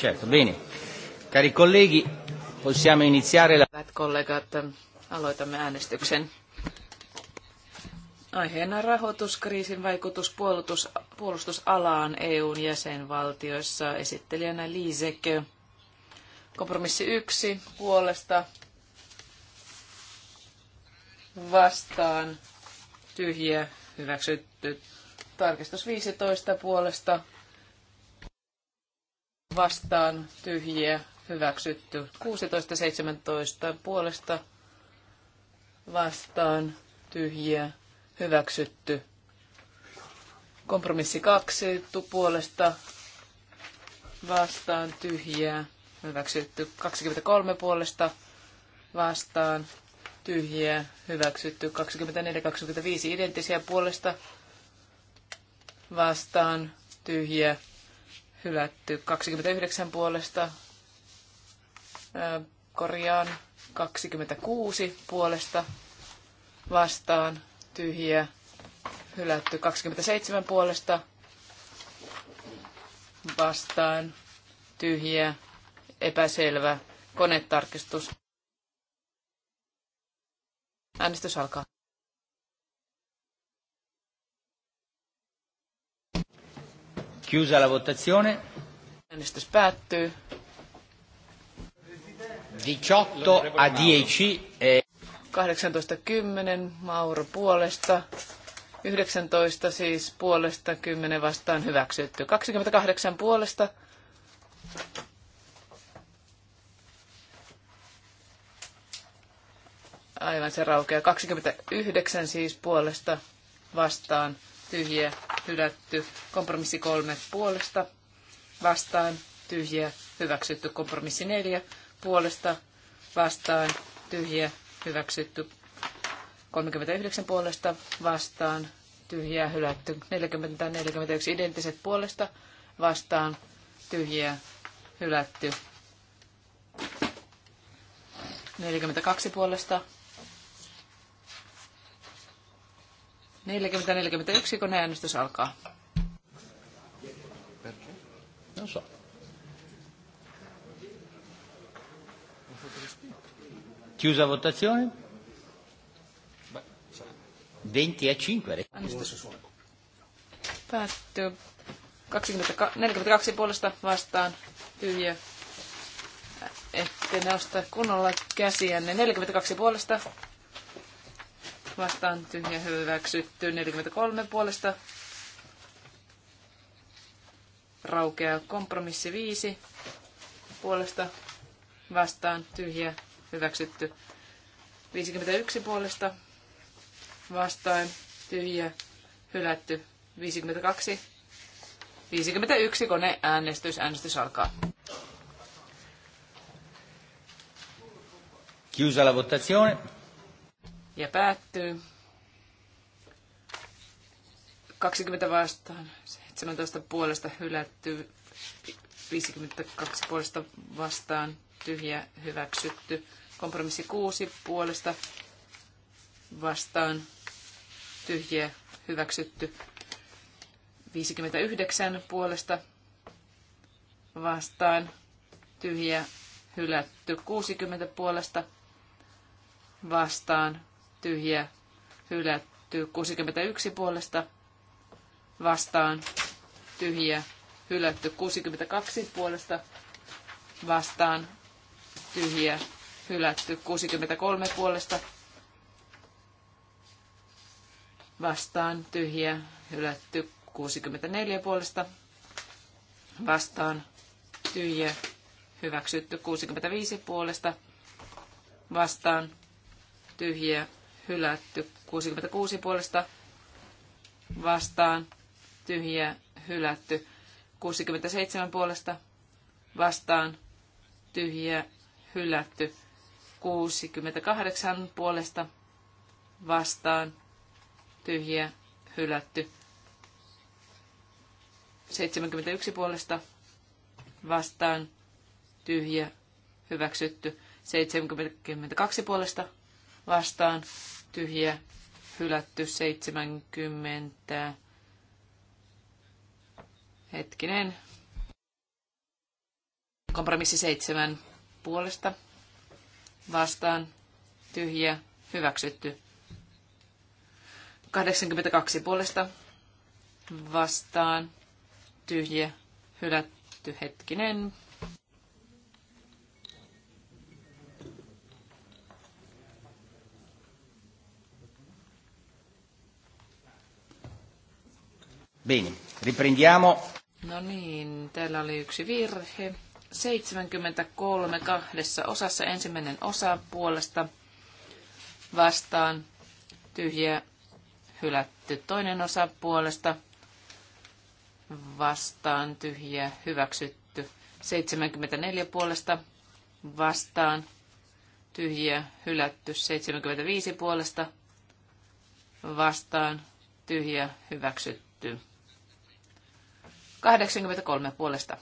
Certo, bene. Cari colleghi, possiamo iniziare la... Hyvät kollegat, aloitamme äänestyksen. Aiheena rahoituskriisin vaikutus puolustusalaan EUn jäsenvaltioissa. Esittelijänä Liisek. Kompromissi yksi puolesta vastaan tyhjä hyväksytty. Tarkistus 15 puolesta vastaan tyhjiä hyväksytty. 16-17 puolesta vastaan tyhjiä hyväksytty. Kompromissi 2 puolesta vastaan tyhjiä hyväksytty. 23 puolesta vastaan tyhjiä hyväksytty. 24-25 identtisiä puolesta vastaan tyhjiä hylätty 29 puolesta korjaan 26 puolesta vastaan tyhjiä hylätty 27 puolesta vastaan tyhjiä epäselvä konetarkistus. Äänestys alkaa. Chiusa la votazione. Äänestys päättyy. 18 a 10. Eh. 18.10 Mauro puolesta. 19 siis puolesta, 10 vastaan hyväksytty. 28 puolesta. Aivan se raukeaa. 29 siis puolesta vastaan tyhjiä, hylätty. Kompromissi kolme puolesta vastaan, tyhjiä, hyväksytty. Kompromissi neljä puolesta vastaan, tyhjiä, hyväksytty. 39 puolesta vastaan, tyhjiä, hylätty. 40 ja 41 identtiset puolesta vastaan, tyhjiä, hylätty. 42 puolesta 40-41, kun äänestys alkaa. No Chiusa votazione? 20 a 5. Äänestys päättyy 20, 42 puolesta vastaan tyhjä. Ette nosta kunnolla käsiänne. 42 puolesta vastaan tyhjä hyväksytty. 43 puolesta raukea kompromissi 5 puolesta vastaan tyhjä hyväksytty. 51 puolesta vastaan tyhjä hylätty. 52 51 kone äänestys. Äänestys alkaa. Chiusa la votazione ja päättyy. 20 vastaan, 17 puolesta hylätty, 52 puolesta vastaan, tyhjä hyväksytty. Kompromissi 6 puolesta vastaan, tyhjä hyväksytty. 59 puolesta vastaan, tyhjä hylätty. 60 puolesta vastaan, tyhjä, hylätty. 61 puolesta vastaan, tyhjä, hylätty. 62 puolesta vastaan, tyhjä, hylätty. 63 puolesta vastaan, tyhjä, hylätty. 64 puolesta vastaan, tyhjä, hyväksytty. 65 puolesta vastaan, tyhjä, hylätty. 66 puolesta vastaan tyhjiä hylätty. 67 puolesta vastaan tyhjiä hylätty. 68 puolesta vastaan tyhjiä hylätty. 71 puolesta vastaan tyhjiä hyväksytty. 72 puolesta vastaan tyhjä, hylätty 70. Hetkinen. Kompromissi 7 puolesta vastaan tyhjä hyväksytty. 82 puolesta vastaan tyhjä hylätty hetkinen Bene, riprendiamo. No niin, täällä oli yksi virhe. 73 kahdessa osassa ensimmäinen osa puolesta vastaan tyhjä hylätty. Toinen osa puolesta vastaan tyhjä hyväksytty. 74 puolesta vastaan tyhjä hylätty. 75 puolesta vastaan tyhjä hyväksytty. 83 puolesta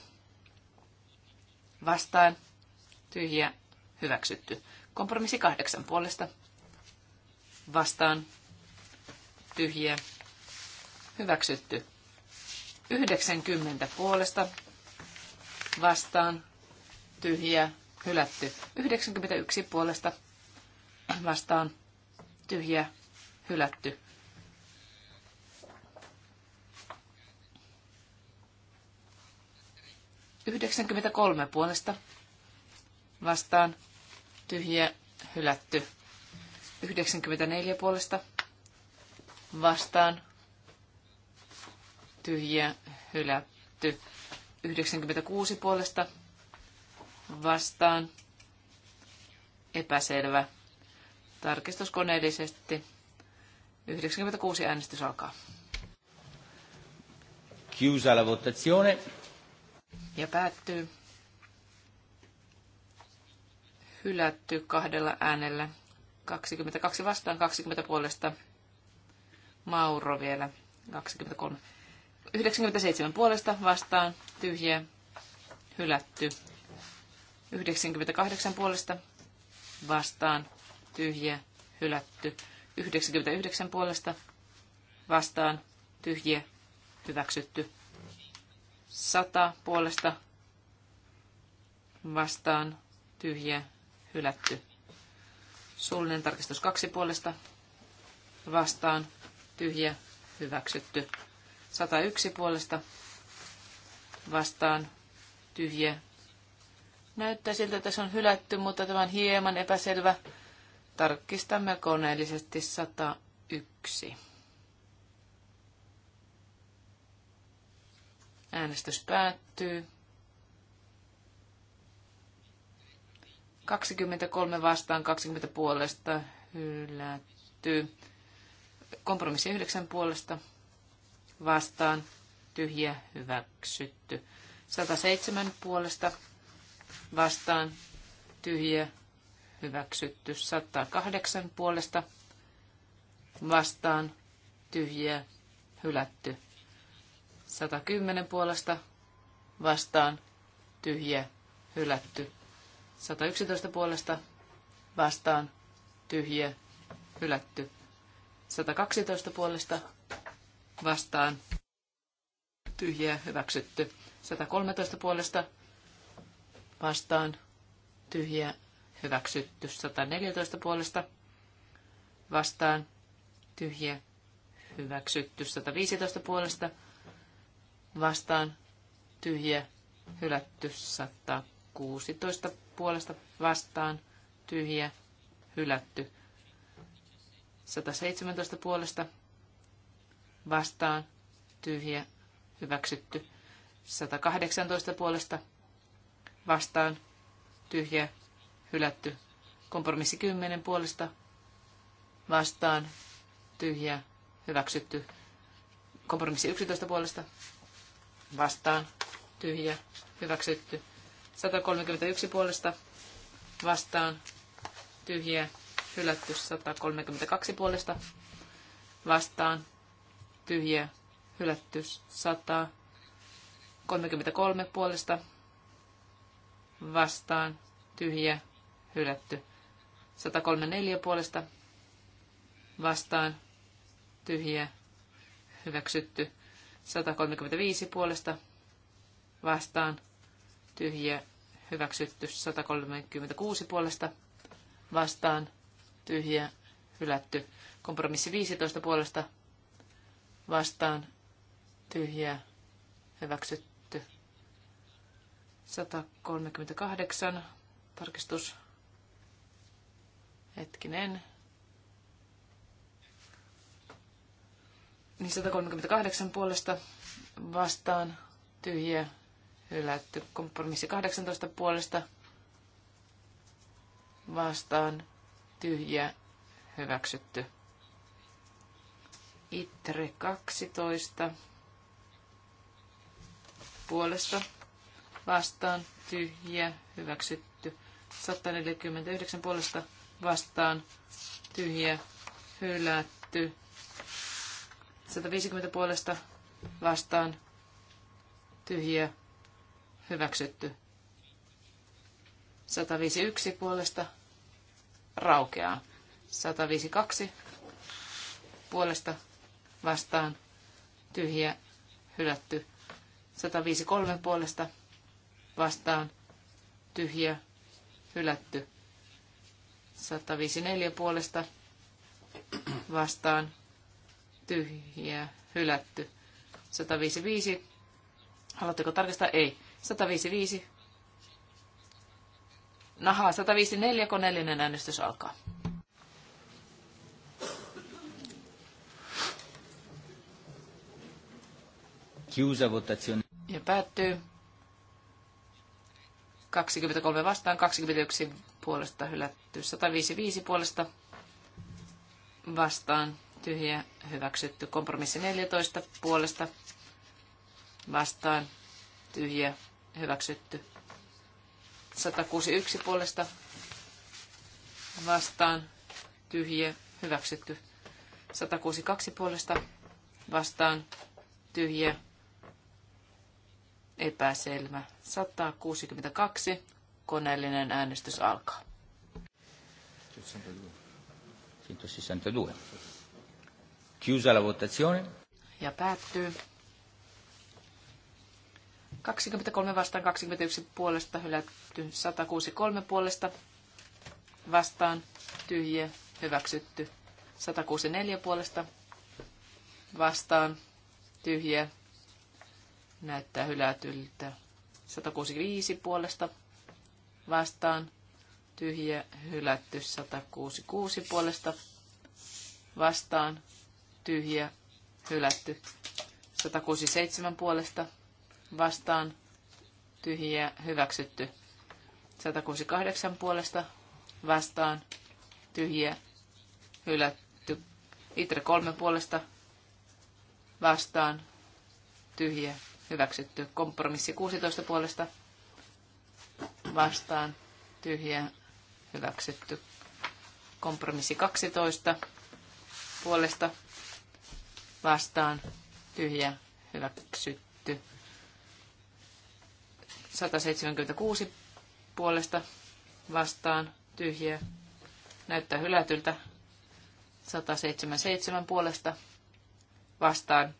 vastaan, tyhjä, hyväksytty. Kompromissi 8 puolesta vastaan, tyhjä, hyväksytty. 90 puolesta vastaan, tyhjä, hylätty. 91 puolesta vastaan, tyhjä, hylätty. 93 puolesta vastaan tyhjiä hylätty. 94 puolesta vastaan tyhjiä hylätty. 96 puolesta vastaan epäselvä tarkistus koneellisesti. 96 äänestys alkaa. Chiusa la votazione ja päättyy. Hylätty kahdella äänellä. 22 vastaan, 20 puolesta. Mauro vielä. 23. 97 puolesta vastaan, tyhjä, hylätty. 98 puolesta vastaan, tyhjä, hylätty. 99 puolesta vastaan, tyhjä, hyväksytty. 100 puolesta vastaan tyhjä hylätty. Suullinen tarkistus kaksi puolesta vastaan tyhjä hyväksytty. 101 puolesta vastaan tyhjä. Näyttää siltä, että se on hylätty, mutta tämä on hieman epäselvä. Tarkistamme koneellisesti 101. Äänestys päättyy. 23 vastaan 20 puolesta hylätty. Kompromissi 9 puolesta vastaan tyhjä hyväksytty. 107 puolesta vastaan tyhjä hyväksytty. 108 puolesta vastaan tyhjä hylätty. 110 puolesta vastaan tyhjä hylätty. 111 puolesta vastaan tyhjä hylätty. 112 puolesta vastaan tyhjä hyväksytty. 113 puolesta vastaan tyhjä hyväksytty. 114 puolesta vastaan tyhjä hyväksytty. 115 puolesta vastaan, tyhjä, vastaan tyhjä hylätty 116 puolesta vastaan tyhjä hylätty 117 puolesta vastaan tyhjä hyväksytty 118 puolesta vastaan tyhjä hylätty kompromissi 10 puolesta vastaan tyhjä hyväksytty kompromissi 11 puolesta vastaan tyhjä hyväksytty. 131 puolesta vastaan tyhjä hylätty. 132 puolesta vastaan tyhjä hylätty. 133 puolesta vastaan tyhjä hylätty. 134 puolesta vastaan tyhjä hyväksytty. 135 puolesta vastaan tyhjiä hyväksytty 136 puolesta vastaan tyhjiä hylätty. Kompromissi 15 puolesta vastaan tyhjiä hyväksytty 138 tarkistus. Hetkinen. Niin 138 puolesta vastaan tyhjä hylätty. Kompromissi 18 puolesta vastaan tyhjä hyväksytty. Itre 12 puolesta vastaan tyhjä hyväksytty. 149 puolesta vastaan tyhjä hylätty. 150 puolesta vastaan tyhjiä hyväksytty. 151 puolesta raukeaa. 152 puolesta vastaan tyhjiä hylätty. 153 puolesta vastaan tyhjiä hylätty. 154 puolesta vastaan tyhjiä, hylätty. 155. Haluatteko tarkistaa? Ei. 155. Naha, 154 koneellinen äänestys alkaa. Chiusa votazione. Ja päättyy. 23 vastaan, 21 puolesta hylätty, 155 puolesta vastaan tyhjä hyväksytty. Kompromissi 14 puolesta vastaan tyhjä hyväksytty. 161 puolesta vastaan tyhjä hyväksytty. 162 puolesta vastaan tyhjä epäselvä. 162 koneellinen äänestys alkaa. 162. Chiusa la votazione. Ja päättyy. 23 vastaan, 21 puolesta, hylätty 163 puolesta, vastaan, tyhjiä, hyväksytty 164 puolesta, vastaan, tyhjiä, näyttää hylätyltä 165 puolesta, vastaan, tyhjiä, hylätty 166 puolesta, vastaan, tyhjiä, hylätty. 167 puolesta vastaan, tyhjiä, hyväksytty. 168 puolesta vastaan, tyhjiä, hylätty. Itre 3 puolesta vastaan, tyhjiä, hyväksytty. Kompromissi 16 puolesta vastaan, tyhjiä, hyväksytty. Kompromissi 12 puolesta vastaan tyhjä hyväksytty. 176 puolesta vastaan tyhjä näyttää hylätyltä. 177 puolesta vastaan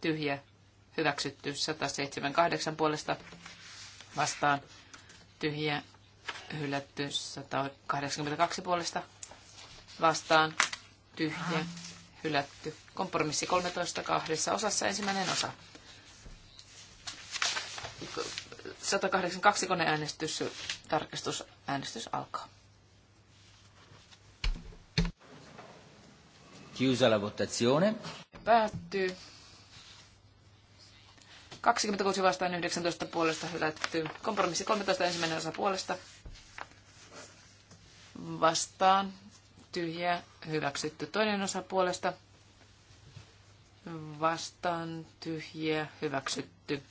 tyhjä hyväksytty. 178 puolesta vastaan tyhjä hylätty. 182 puolesta vastaan tyhjä hylätty. Kompromissi 13 kahdessa osassa ensimmäinen osa. 182 koneäänestys, tarkistus, äänestys alkaa. Chiusa la votazione. Päättyy. 26 vastaan 19 puolesta hylätty. Kompromissi 13 ensimmäinen osa puolesta. Vastaan tyhjää hyväksytty. Toinen osa puolesta vastaan tyhjää hyväksytty.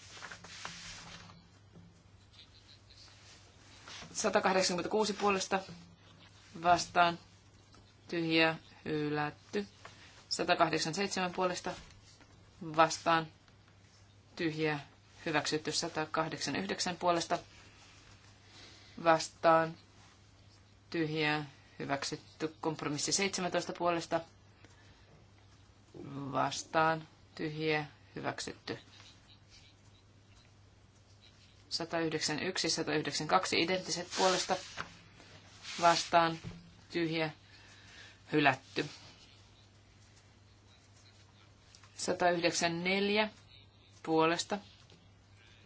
186 puolesta vastaan tyhjää hylätty. 187 puolesta vastaan tyhjää hyväksytty. 189 puolesta vastaan tyhjää hyväksytty. Kompromissi 17 puolesta vastaan tyhjiä hyväksytty. 191, 192 identtiset puolesta vastaan tyhjä hylätty. 194 puolesta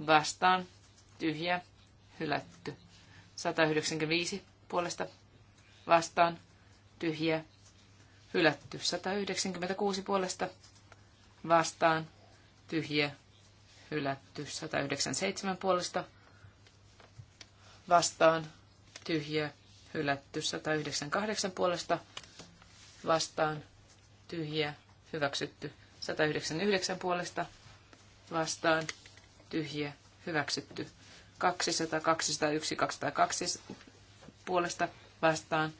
vastaan tyhjä hylätty. 195 puolesta vastaan tyhjiä hylätty. 196 puolesta vastaan tyhjiä hylätty. 197 puolesta vastaan tyhjiä hylätty. 198 puolesta vastaan tyhjiä hyväksytty. 199 puolesta vastaan tyhjiä hyväksytty. 200, 201, 202 puolesta vastaan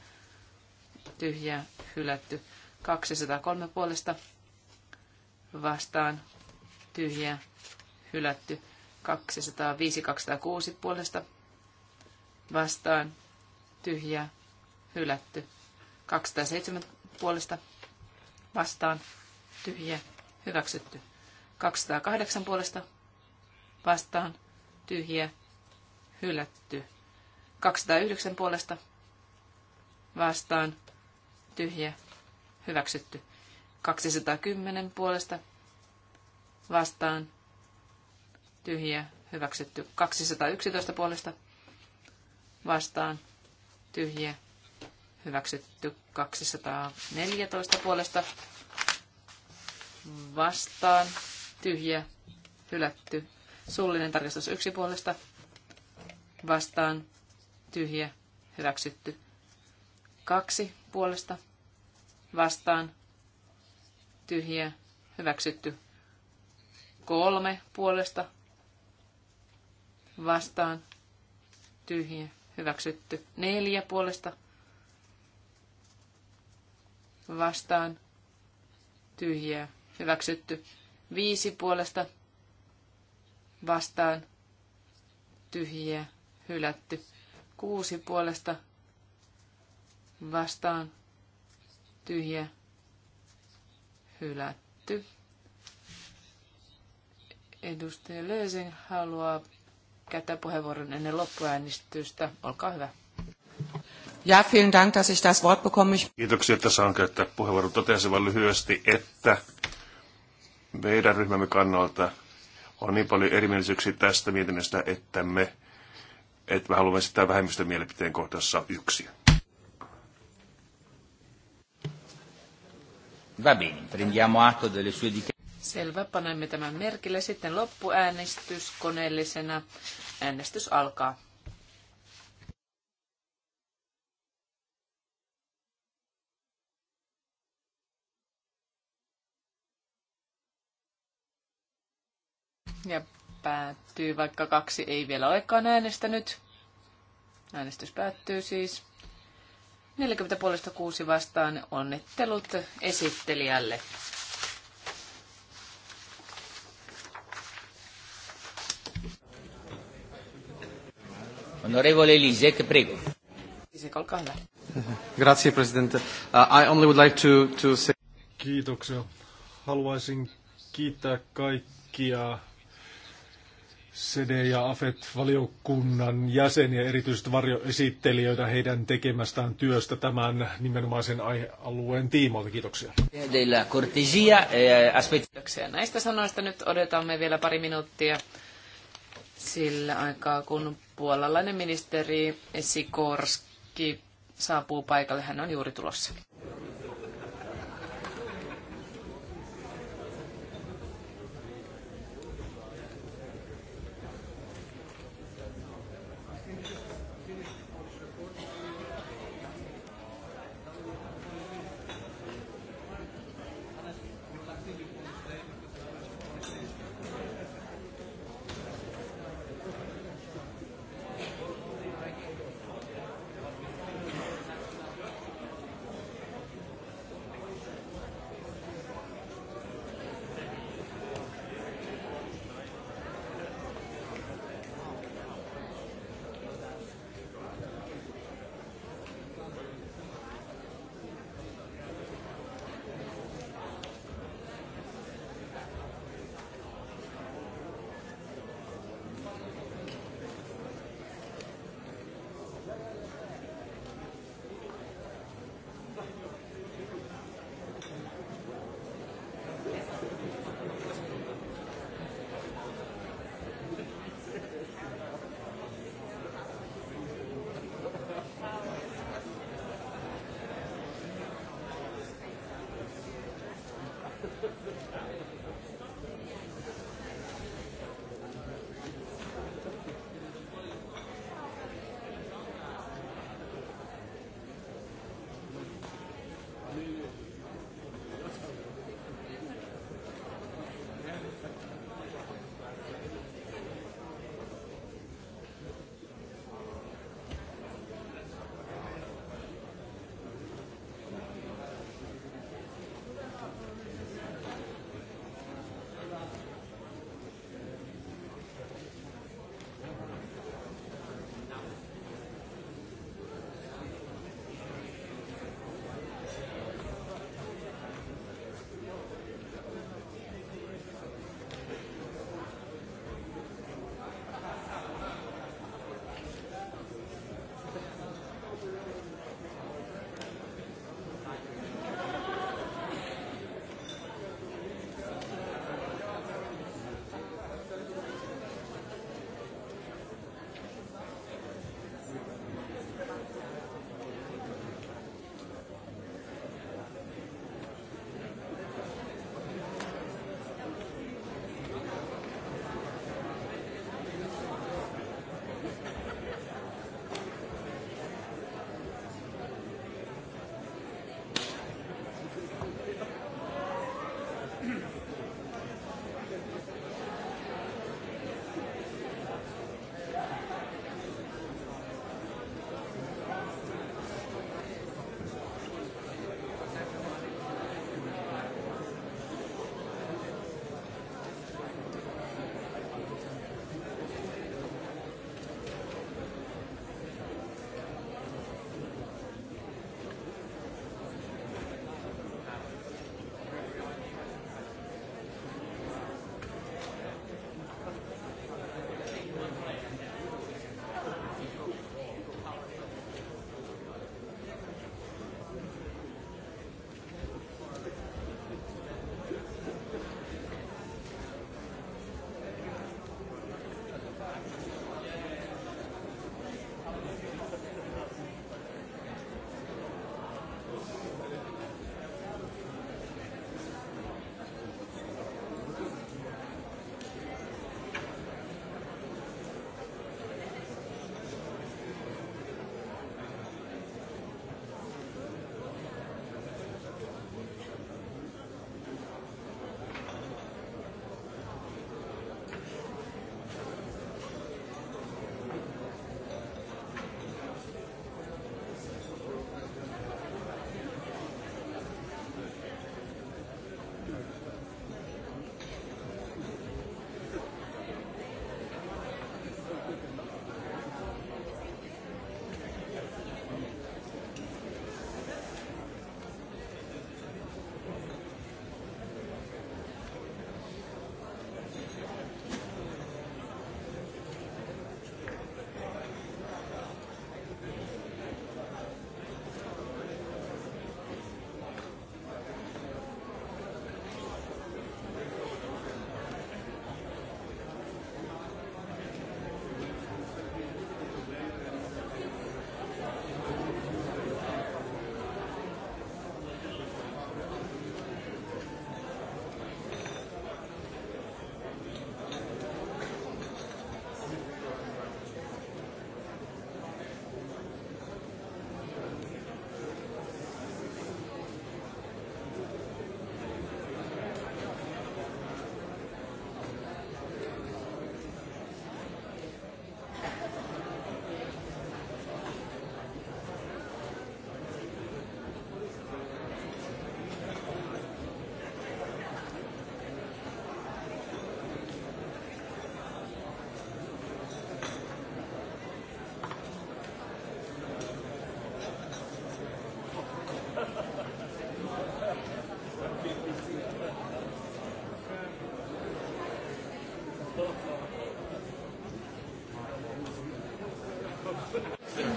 tyhjä hylätty. 203 puolesta vastaan Tyhjä, hylätty. 205 206 puolesta vastaan Tyhjä, hylätty. 207 puolesta vastaan tyhjä hyväksytty. 208 puolesta vastaan tyhjä hylätty. 209 puolesta vastaan tyhjä hyväksytty. 210 puolesta vastaan tyhjä hyväksytty. 211 puolesta vastaan tyhjä hyväksytty. 214 puolesta vastaan tyhjä hylätty. Suullinen tarkistus yksi puolesta vastaan tyhjä hyväksytty kaksi puolesta vastaan tyhjiä hyväksytty kolme puolesta vastaan tyhjiä hyväksytty neljä puolesta vastaan tyhjiä hyväksytty viisi puolesta vastaan tyhjiä hylätty kuusi puolesta vastaan, vastaan tyhjä hylätty. Edustaja Löysin haluaa käyttää puheenvuoron ennen loppuäänestystä. Olkaa hyvä. Ja, vielen Dank, dass ich das Wort bekomme. Kiitoksia, että saan käyttää puheenvuoron. Totesin vain lyhyesti, että meidän ryhmämme kannalta on niin paljon erimielisyyksiä tästä mietinnöstä, että me, että me haluamme sitä vähemmistön mielipiteen kohdassa yksi. Va bene, prendiamo atto delle sue dichiarazioni. Selvä, panemme tämän merkille. Sitten loppuäänestys koneellisena. Äänestys alkaa. Ja päättyy, vaikka kaksi ei vielä olekaan äänestänyt. Äänestys päättyy siis. 40 puolesta 6 vastaan. Onnittelut esittelijälle. Onorevole Lisek, prego. Lisek, olkaa hyvä. Grazie, Presidente. Uh, I only would like to, to say... Kiitoksia. Haluaisin kiittää kaikkia CD- ja AFET-valiokunnan jäseniä, erityisesti varjoesittelijöitä heidän tekemästään työstä tämän nimenomaisen aihealueen tiimoilta. Kiitoksia. Eh, Kiitoksia näistä sanoista. Nyt odotamme vielä pari minuuttia sillä aikaa, kun puolalainen ministeri Sikorski saapuu paikalle. Hän on juuri tulossa.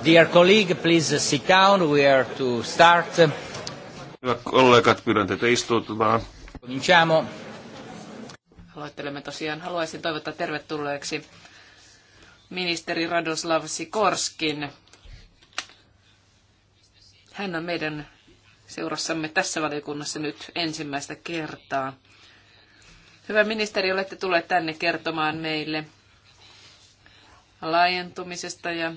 Dear colleague, please sit down. We are to start. Hyvät kollegat, pyydän teitä istuutumaan. Cominciamo. Aloittelemme tosiaan. Haluaisin toivottaa tervetulleeksi ministeri Radoslav Sikorskin. Hän on meidän seurassamme tässä valiokunnassa nyt ensimmäistä kertaa. Hyvä ministeri, olette tulleet tänne kertomaan meille laajentumisesta ja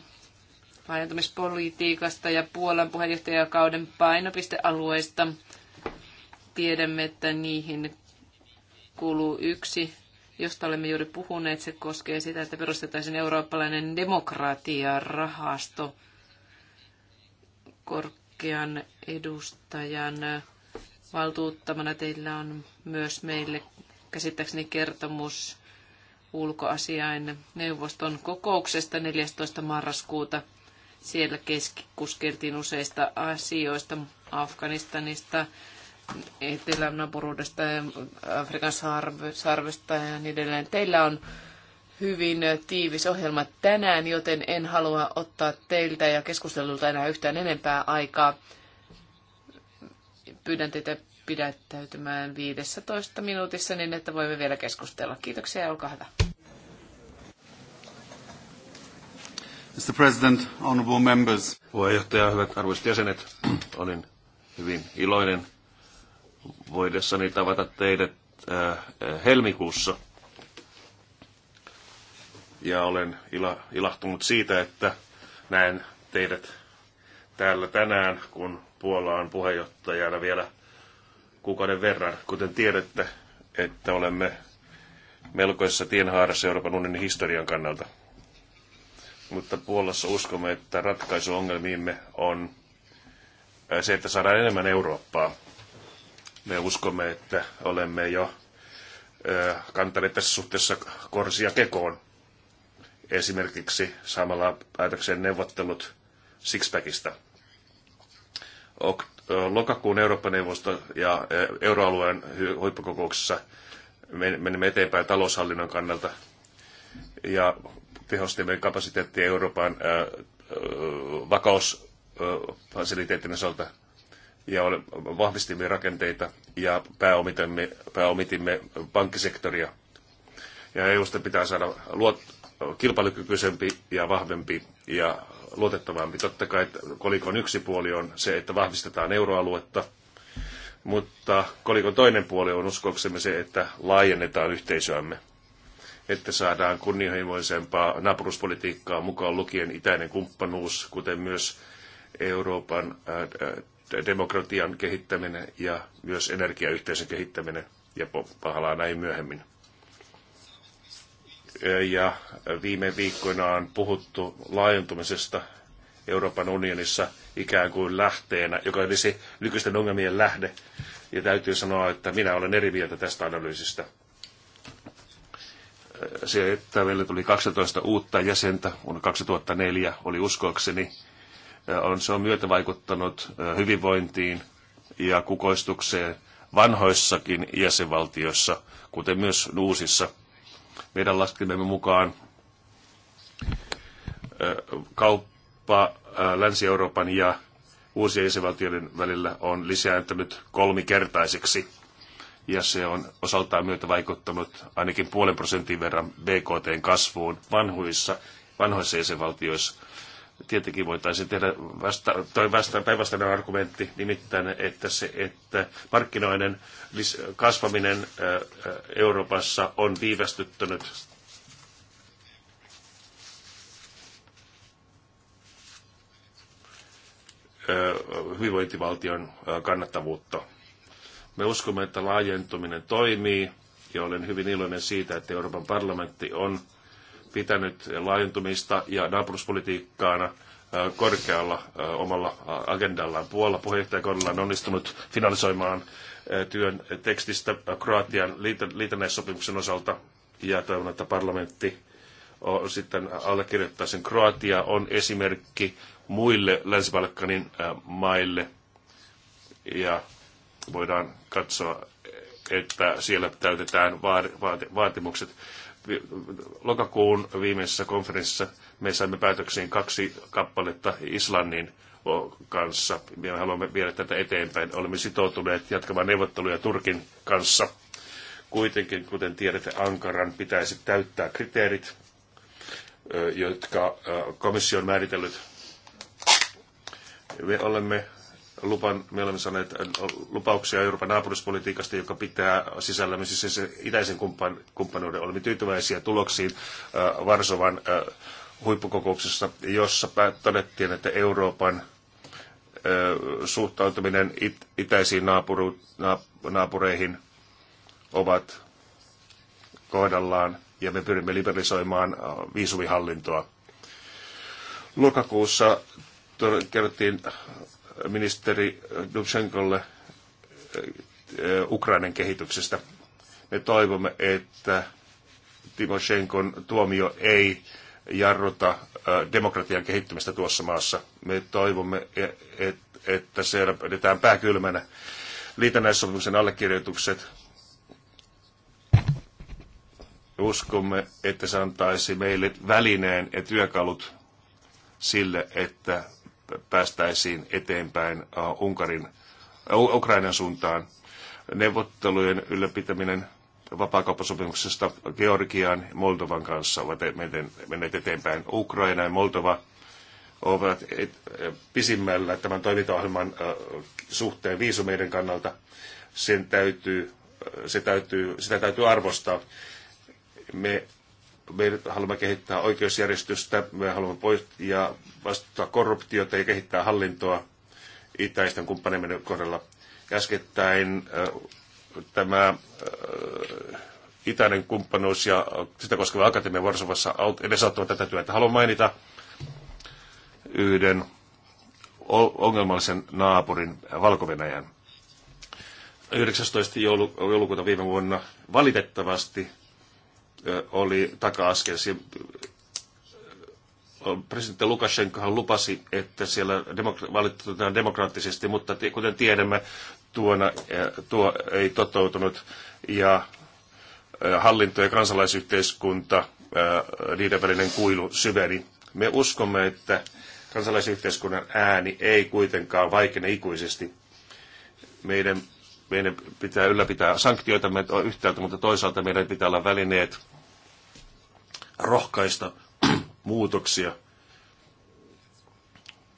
laajentumispolitiikasta ja Puolan puheenjohtajakauden painopistealueista. Tiedämme, että niihin kuuluu yksi, josta olemme juuri puhuneet. Se koskee sitä, että perustetaan eurooppalainen demokratiarahasto korkean edustajan valtuuttamana. Teillä on myös meille käsittääkseni kertomus ulkoasiain neuvoston kokouksesta 14. marraskuuta – siellä keskuskeltiin useista asioista, Afganistanista, etelä ja Afrikan sarvesta ja niin edelleen. Teillä on hyvin tiivis ohjelma tänään, joten en halua ottaa teiltä ja keskustelulta enää yhtään enempää aikaa. Pyydän teitä pidättäytymään 15 minuutissa niin, että voimme vielä keskustella. Kiitoksia ja olkaa hyvä. Mr. President, honorable members. Puheenjohtaja, hyvät arvoisat jäsenet, olin hyvin iloinen voidessani tavata teidät äh, helmikuussa. Ja olen ila, ilahtunut siitä, että näen teidät täällä tänään, kun Puola on puheenjohtajana vielä kuukauden verran. Kuten tiedätte, että olemme melkoisessa tienhaarassa Euroopan unionin historian kannalta mutta Puolassa uskomme, että ratkaisu ongelmiimme on äh, se, että saadaan enemmän Eurooppaa. Me uskomme, että olemme jo äh, kantaneet tässä suhteessa korsia kekoon. Esimerkiksi samalla päätökseen neuvottelut Sixpackista. Äh, lokakuun Eurooppa-neuvosto ja euroalueen huippukokouksessa menemme eteenpäin taloushallinnon kannalta ja tehostimen kapasiteetti Euroopan vakausfasiliteetin osalta ja vahvistimme rakenteita ja pääomitimme, pääomitimme pankkisektoria. Ja EUsta pitää saada luot, kilpailukykyisempi ja vahvempi ja luotettavampi. Totta kai kolikon yksi puoli on se, että vahvistetaan euroaluetta, mutta kolikon toinen puoli on uskoksemme se, että laajennetaan yhteisöämme että saadaan kunnianhimoisempaa naapuruspolitiikkaa mukaan lukien itäinen kumppanuus, kuten myös Euroopan äh, äh, demokratian kehittäminen ja myös energiayhteisön kehittäminen, ja pahalaa näin myöhemmin. Äh, ja viime viikkoina on puhuttu laajentumisesta Euroopan unionissa ikään kuin lähteenä, joka olisi nykyisten ongelmien lähde. Ja täytyy sanoa, että minä olen eri mieltä tästä analyysistä se, että meille tuli 12 uutta jäsentä vuonna 2004, oli uskoakseni, on, se on vaikuttanut hyvinvointiin ja kukoistukseen vanhoissakin jäsenvaltioissa, kuten myös uusissa. Meidän laskimemme mukaan kauppa Länsi-Euroopan ja uusien jäsenvaltioiden välillä on lisääntynyt kolmikertaiseksi ja se on osaltaan myötä vaikuttanut ainakin puolen prosentin verran BKTn kasvuun vanhuissa, vanhoissa jäsenvaltioissa. Tietenkin voitaisiin tehdä vasta, toi vasta, päinvastainen argumentti, nimittäin, että, se, että markkinoiden kasvaminen Euroopassa on viivästyttänyt hyvinvointivaltion kannattavuutta. Me uskomme, että laajentuminen toimii ja olen hyvin iloinen siitä, että Euroopan parlamentti on pitänyt laajentumista ja naapuruspolitiikkaana korkealla omalla agendallaan. Puola puheenjohtajakaudella on onnistunut finalisoimaan työn tekstistä Kroatian liitännäissopimuksen osalta ja toivon, että parlamentti sitten allekirjoittaa sen. Kroatia on esimerkki muille Länsi-Balkanin maille ja voidaan katsoa, että siellä täytetään vaatimukset. Lokakuun viimeisessä konferenssissa me saimme päätöksiin kaksi kappaletta Islannin kanssa. Me haluamme viedä tätä eteenpäin. Olemme sitoutuneet jatkamaan neuvotteluja Turkin kanssa. Kuitenkin, kuten tiedätte, Ankaran pitäisi täyttää kriteerit, jotka komissio on määritellyt. Me olemme lupan, me olemme saaneet äh, lupauksia Euroopan naapuruspolitiikasta, joka pitää sisällä siis itäisen kumppan, kumppanuuden. Olemme tyytyväisiä tuloksiin äh, Varsovan äh, huippukokouksessa, jossa todettiin, että Euroopan suhtautuminen it, itäisiin naapuru, naap, naapureihin ovat kohdallaan ja me pyrimme liberalisoimaan viisumihallintoa. Lokakuussa kerrottiin ministeri Dubchenkolle eh, Ukrainan kehityksestä. Me toivomme, että Timoshenkon tuomio ei jarruta eh, demokratian kehittymistä tuossa maassa. Me toivomme, eh, että se pidetään pääkylmänä. Liitännäissopimuksen allekirjoitukset uskomme, että se antaisi meille välineen ja työkalut sille, että päästäisiin eteenpäin äh, Unkarin, äh, Ukrainan suuntaan. Neuvottelujen ylläpitäminen vapaakauppasopimuksesta Georgian ja Moldovan kanssa ovat e- menneet eteenpäin. Ukraina ja Moldova ovat pisimmällä tämän toimintaohjelman äh, suhteen viisumeiden kannalta. Sen täytyy, se täytyy, sitä täytyy arvostaa. Me me haluamme kehittää oikeusjärjestystä, me haluamme poistaa vastustaa korruptiota ja kehittää hallintoa itäisten kumppanimme kohdalla. Äskettäin äh, tämä äh, itäinen kumppanuus ja sitä koskeva akatemia Varsovassa edesauttavat tätä työtä. Haluan mainita yhden ongelmallisen naapurin valko -Venäjän. 19. joulukuuta viime vuonna valitettavasti oli taka-askel. Presidentti Lukashenkohan lupasi, että siellä demokra- valitaan demokraattisesti, mutta kuten tiedämme, tuona, tuo ei toteutunut. Ja hallinto ja kansalaisyhteiskunta, niiden välinen kuilu syveni. Me uskomme, että kansalaisyhteiskunnan ääni ei kuitenkaan vaikene ikuisesti. Meidän, meidän pitää ylläpitää sanktioita yhtäältä, mutta toisaalta meidän pitää olla välineet rohkaista muutoksia.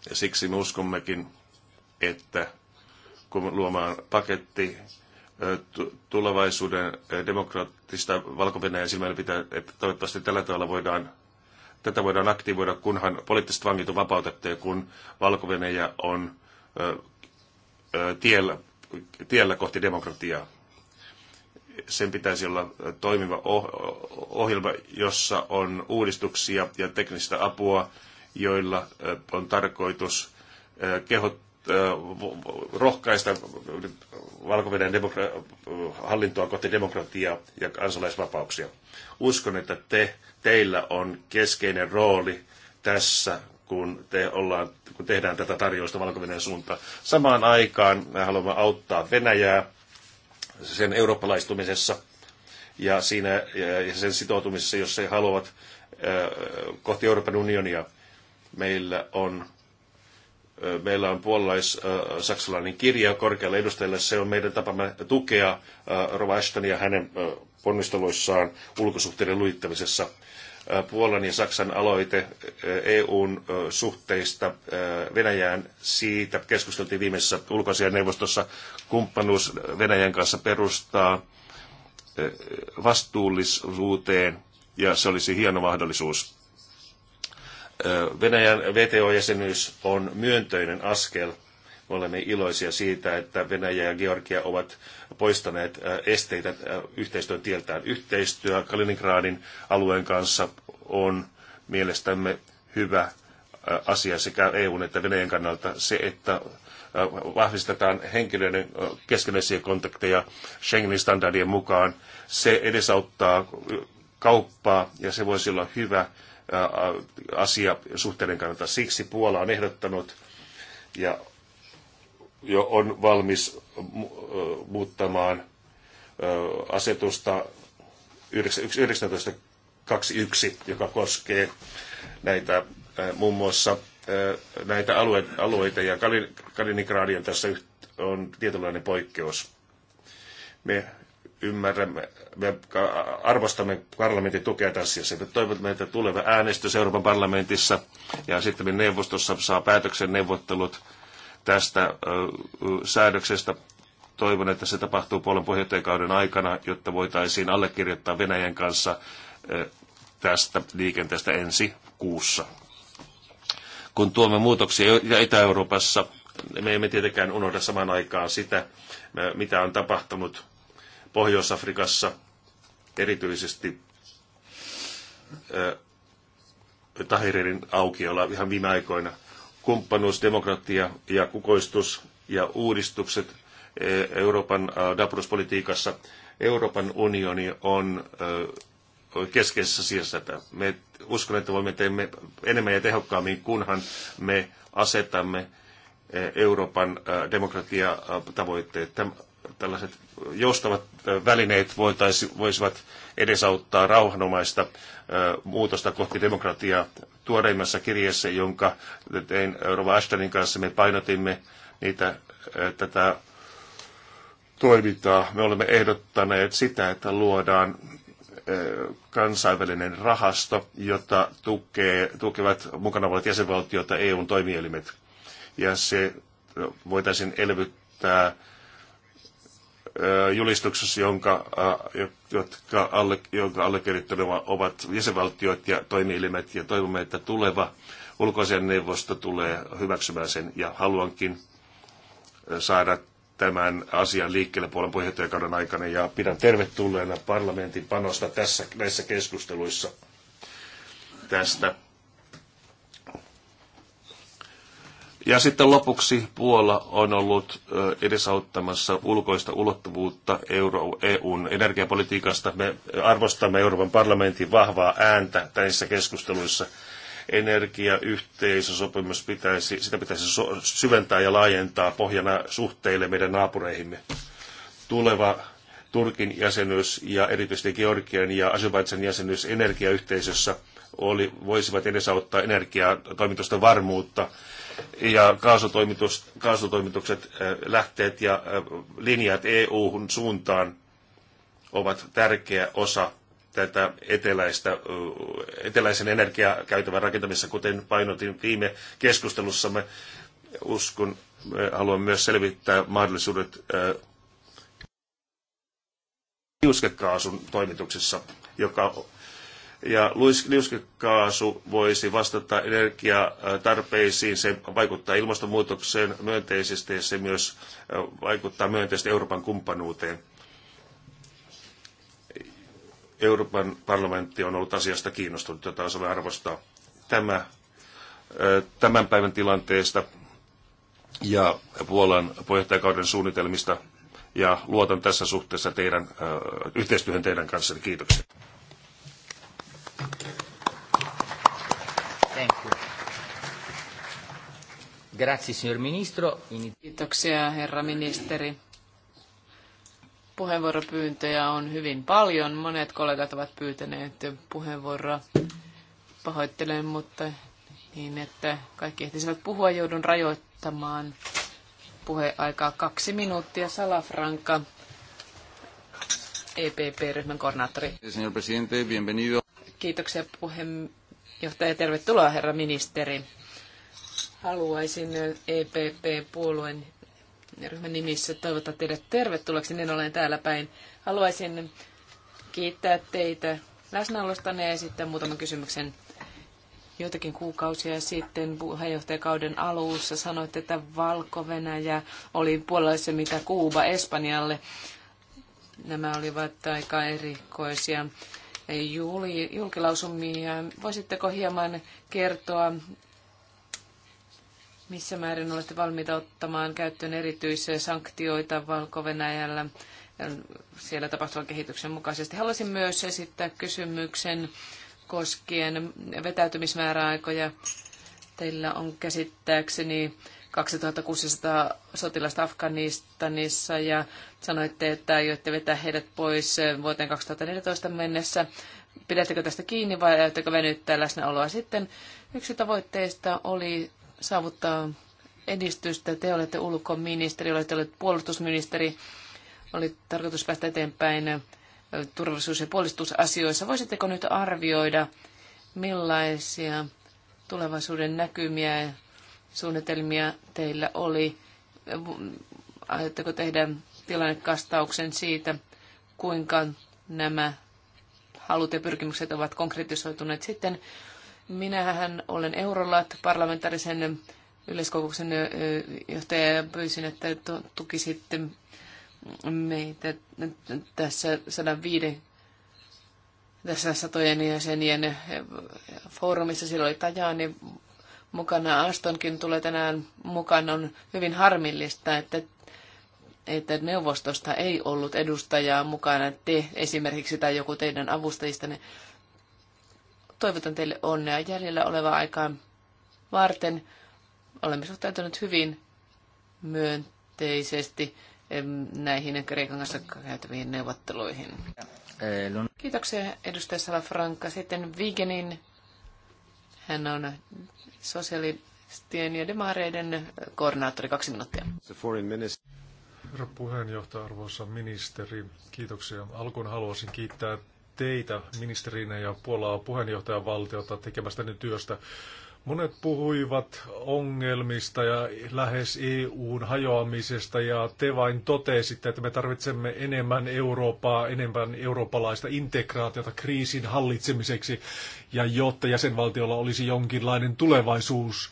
Ja siksi me uskommekin, että kun luomaan paketti tulevaisuuden demokraattista valko silmällä pitää, että toivottavasti tällä tavalla voidaan, tätä voidaan aktivoida, kunhan poliittiset vangit on vapautettu ja kun valko on tiellä, tiellä kohti demokratiaa sen pitäisi olla toimiva oh-, ohjelma, jossa on uudistuksia ja teknistä apua, joilla on tarkoitus kehottaa rohkaista valko demokra- hallintoa kohti demokratiaa ja kansalaisvapauksia. Uskon, että te, teillä on keskeinen rooli tässä, kun, te ollaan, kun tehdään tätä tarjousta valko suuntaan. Samaan aikaan me haluamme auttaa Venäjää sen eurooppalaistumisessa ja, siinä, ja sen sitoutumisessa, jos he haluavat kohti Euroopan unionia. Meillä on, meillä on puolalais-saksalainen kirja korkealle edustajalle. Se on meidän tapamme tukea Rova ja hänen ponnisteluissaan ulkosuhteiden luittamisessa. Puolan ja Saksan aloite eh, EUn eh, suhteista eh, Venäjään. Siitä keskusteltiin viimeisessä ulkoasianneuvostossa. Kumppanuus Venäjän kanssa perustaa vastuullisuuteen ja se olisi hieno mahdollisuus. Venäjän VTO-jäsenyys on myönteinen askel olemme iloisia siitä, että Venäjä ja Georgia ovat poistaneet äh, esteitä äh, yhteistyön tieltään. Yhteistyö Kaliningradin alueen kanssa on mielestämme hyvä äh, asia sekä EUn että Venäjän kannalta se, että vahvistetaan henkilöiden keskinäisiä kontakteja Schengenin standardien mukaan. Se edesauttaa kauppaa ja se voisi olla hyvä asia suhteiden kannalta. Siksi Puola on ehdottanut ja jo on valmis muuttamaan asetusta 1921, joka koskee näitä muun muassa näitä alueita, ja Kaliningradien tässä on tietynlainen poikkeus. Me ymmärrämme, me arvostamme parlamentin tukea tässä asiassa. Me toivomme, että tuleva äänestys Euroopan parlamentissa ja sitten me neuvostossa saa päätöksen neuvottelut tästä säädöksestä. Toivon, että se tapahtuu Puolan puheenjohtajakauden aikana, jotta voitaisiin allekirjoittaa Venäjän kanssa tästä liikenteestä ensi kuussa. Kun tuomme muutoksia Itä-Euroopassa, me emme tietenkään unohda samaan aikaan sitä, mitä on tapahtunut Pohjois-Afrikassa, erityisesti Tahirerin aukiolla ihan viime aikoina – kumppanuus, demokratia ja kukoistus ja uudistukset e, Euroopan naapuruspolitiikassa. Euroopan unioni on keskeisessä sijassa. Me uskon, että voimme teemme enemmän ja tehokkaammin, kunhan me asetamme e, Euroopan demokratia tavoitteet tällaiset joustavat välineet voitaisi, voisivat edesauttaa rauhanomaista muutosta kohti demokratiaa. Tuoreimmassa kirjeessä, jonka tein Rova Ashtonin kanssa, me painotimme niitä, tätä toimintaa. Me olemme ehdottaneet sitä, että luodaan kansainvälinen rahasto, jota tukee, tukevat mukana olevat jäsenvaltiot ja EUn toimielimet. Ja se voitaisiin elvyttää julistuksessa, jonka, jotka alle, jonka allekirjoittaneet ovat jäsenvaltiot ja toimielimet, ja toivomme, että tuleva ulkoisen neuvosto tulee hyväksymään sen, ja haluankin saada tämän asian liikkeelle puolen puheenjohtajakauden aikana, ja pidän tervetulleena parlamentin panosta tässä, näissä keskusteluissa tästä Ja sitten lopuksi Puola on ollut edesauttamassa ulkoista ulottuvuutta Euro, EUn energiapolitiikasta. Me arvostamme Euroopan parlamentin vahvaa ääntä näissä keskusteluissa. Energiayhteisösopimus pitäisi, sitä pitäisi syventää ja laajentaa pohjana suhteille meidän naapureihimme. Tuleva Turkin jäsenyys ja erityisesti Georgian ja Azerbaidsan jäsenyys energiayhteisössä oli, voisivat edesauttaa energiaa varmuutta ja kaasutoimitukset, äh, lähteet ja äh, linjat EU-hun suuntaan ovat tärkeä osa tätä eteläistä, äh, eteläisen energiakäytävän rakentamista, kuten painotin viime keskustelussamme. Uskon, haluan myös selvittää mahdollisuudet liuskekaasun toimituksessa, joka ja liuskekaasu voisi vastata energiatarpeisiin, se vaikuttaa ilmastonmuutokseen myönteisesti ja se myös vaikuttaa myönteisesti Euroopan kumppanuuteen. Euroopan parlamentti on ollut asiasta kiinnostunut, jota osaamme arvostaa tämä, tämän päivän tilanteesta ja Puolan puheenjohtajakauden suunnitelmista. Ja luotan tässä suhteessa teidän, yhteistyöhön teidän kanssanne. Kiitoksia. Kiitoksia, herra ministeri. Puheenvuoropyyntöjä on hyvin paljon. Monet kollegat ovat pyytäneet puheenvuoroa. Pahoittelen, mutta niin, että kaikki ehtisivät puhua, joudun rajoittamaan puheaikaa kaksi minuuttia. Salafranka EPP-ryhmän koordinaattori. Señor presidente, bienvenido. Kiitoksia puheenjohtaja. Tervetuloa herra ministeri. Haluaisin EPP-puolueen ryhmän nimissä toivottaa teidät tervetulleeksi, niin olen täällä päin. Haluaisin kiittää teitä läsnäolostanne ja esittää muutaman kysymyksen. Joitakin kuukausia sitten puheenjohtajakauden alussa sanoitte, että Valko-Venäjä oli puolella se, mitä Kuuba Espanjalle. Nämä olivat aika erikoisia juuli, julkilausumia. Voisitteko hieman kertoa, missä määrin olette valmiita ottamaan käyttöön erityisiä sanktioita Valko-Venäjällä siellä tapahtuvan kehityksen mukaisesti? Haluaisin myös esittää kysymyksen koskien vetäytymismääräaikoja. Teillä on käsittääkseni 2600 sotilasta Afganistanissa ja sanoitte, että aiotte vetää heidät pois eh, vuoteen 2014 mennessä. Pidättekö tästä kiinni vai aiotteko venyttää läsnäoloa? Sitten yksi tavoitteista oli saavuttaa edistystä. Te olette ulkoministeri, olette olleet puolustusministeri. Oli tarkoitus päästä eteenpäin eh, turvallisuus- ja puolustusasioissa. Voisitteko nyt arvioida, millaisia tulevaisuuden näkymiä suunnitelmia teillä oli? Aiotteko tehdä tilannekastauksen siitä, kuinka nämä halut ja pyrkimykset ovat konkretisoituneet sitten? Minähän olen Eurolat parlamentaarisen yleiskokouksen johtaja ja pyysin, että tukisitte meitä tässä 105 tässä satojen jäsenien foorumissa. Silloin oli Tajani mukana. Astonkin tulee tänään mukaan. On hyvin harmillista, että, että neuvostosta ei ollut edustajaa mukana, te esimerkiksi tai joku teidän avustajistanne. Toivotan teille onnea jäljellä olevaa aikaa varten. Olemme suhtautuneet hyvin myönteisesti näihin Kreikan kanssa käytäviin neuvotteluihin. Eh, no- Kiitoksia edustaja Salafranka. Sitten Vigenin hän on sosialistien ja demareiden koordinaattori. Kaksi minuuttia. Herra puheenjohtaja, arvoisa ministeri, kiitoksia. Alkuun haluaisin kiittää teitä ministerinä ja Puolaa puheenjohtajavaltiota tekemästäni työstä. Monet puhuivat ongelmista ja lähes EUn hajoamisesta ja te vain totesitte, että me tarvitsemme enemmän Eurooppaa, enemmän eurooppalaista integraatiota kriisin hallitsemiseksi ja jotta jäsenvaltiolla olisi jonkinlainen tulevaisuus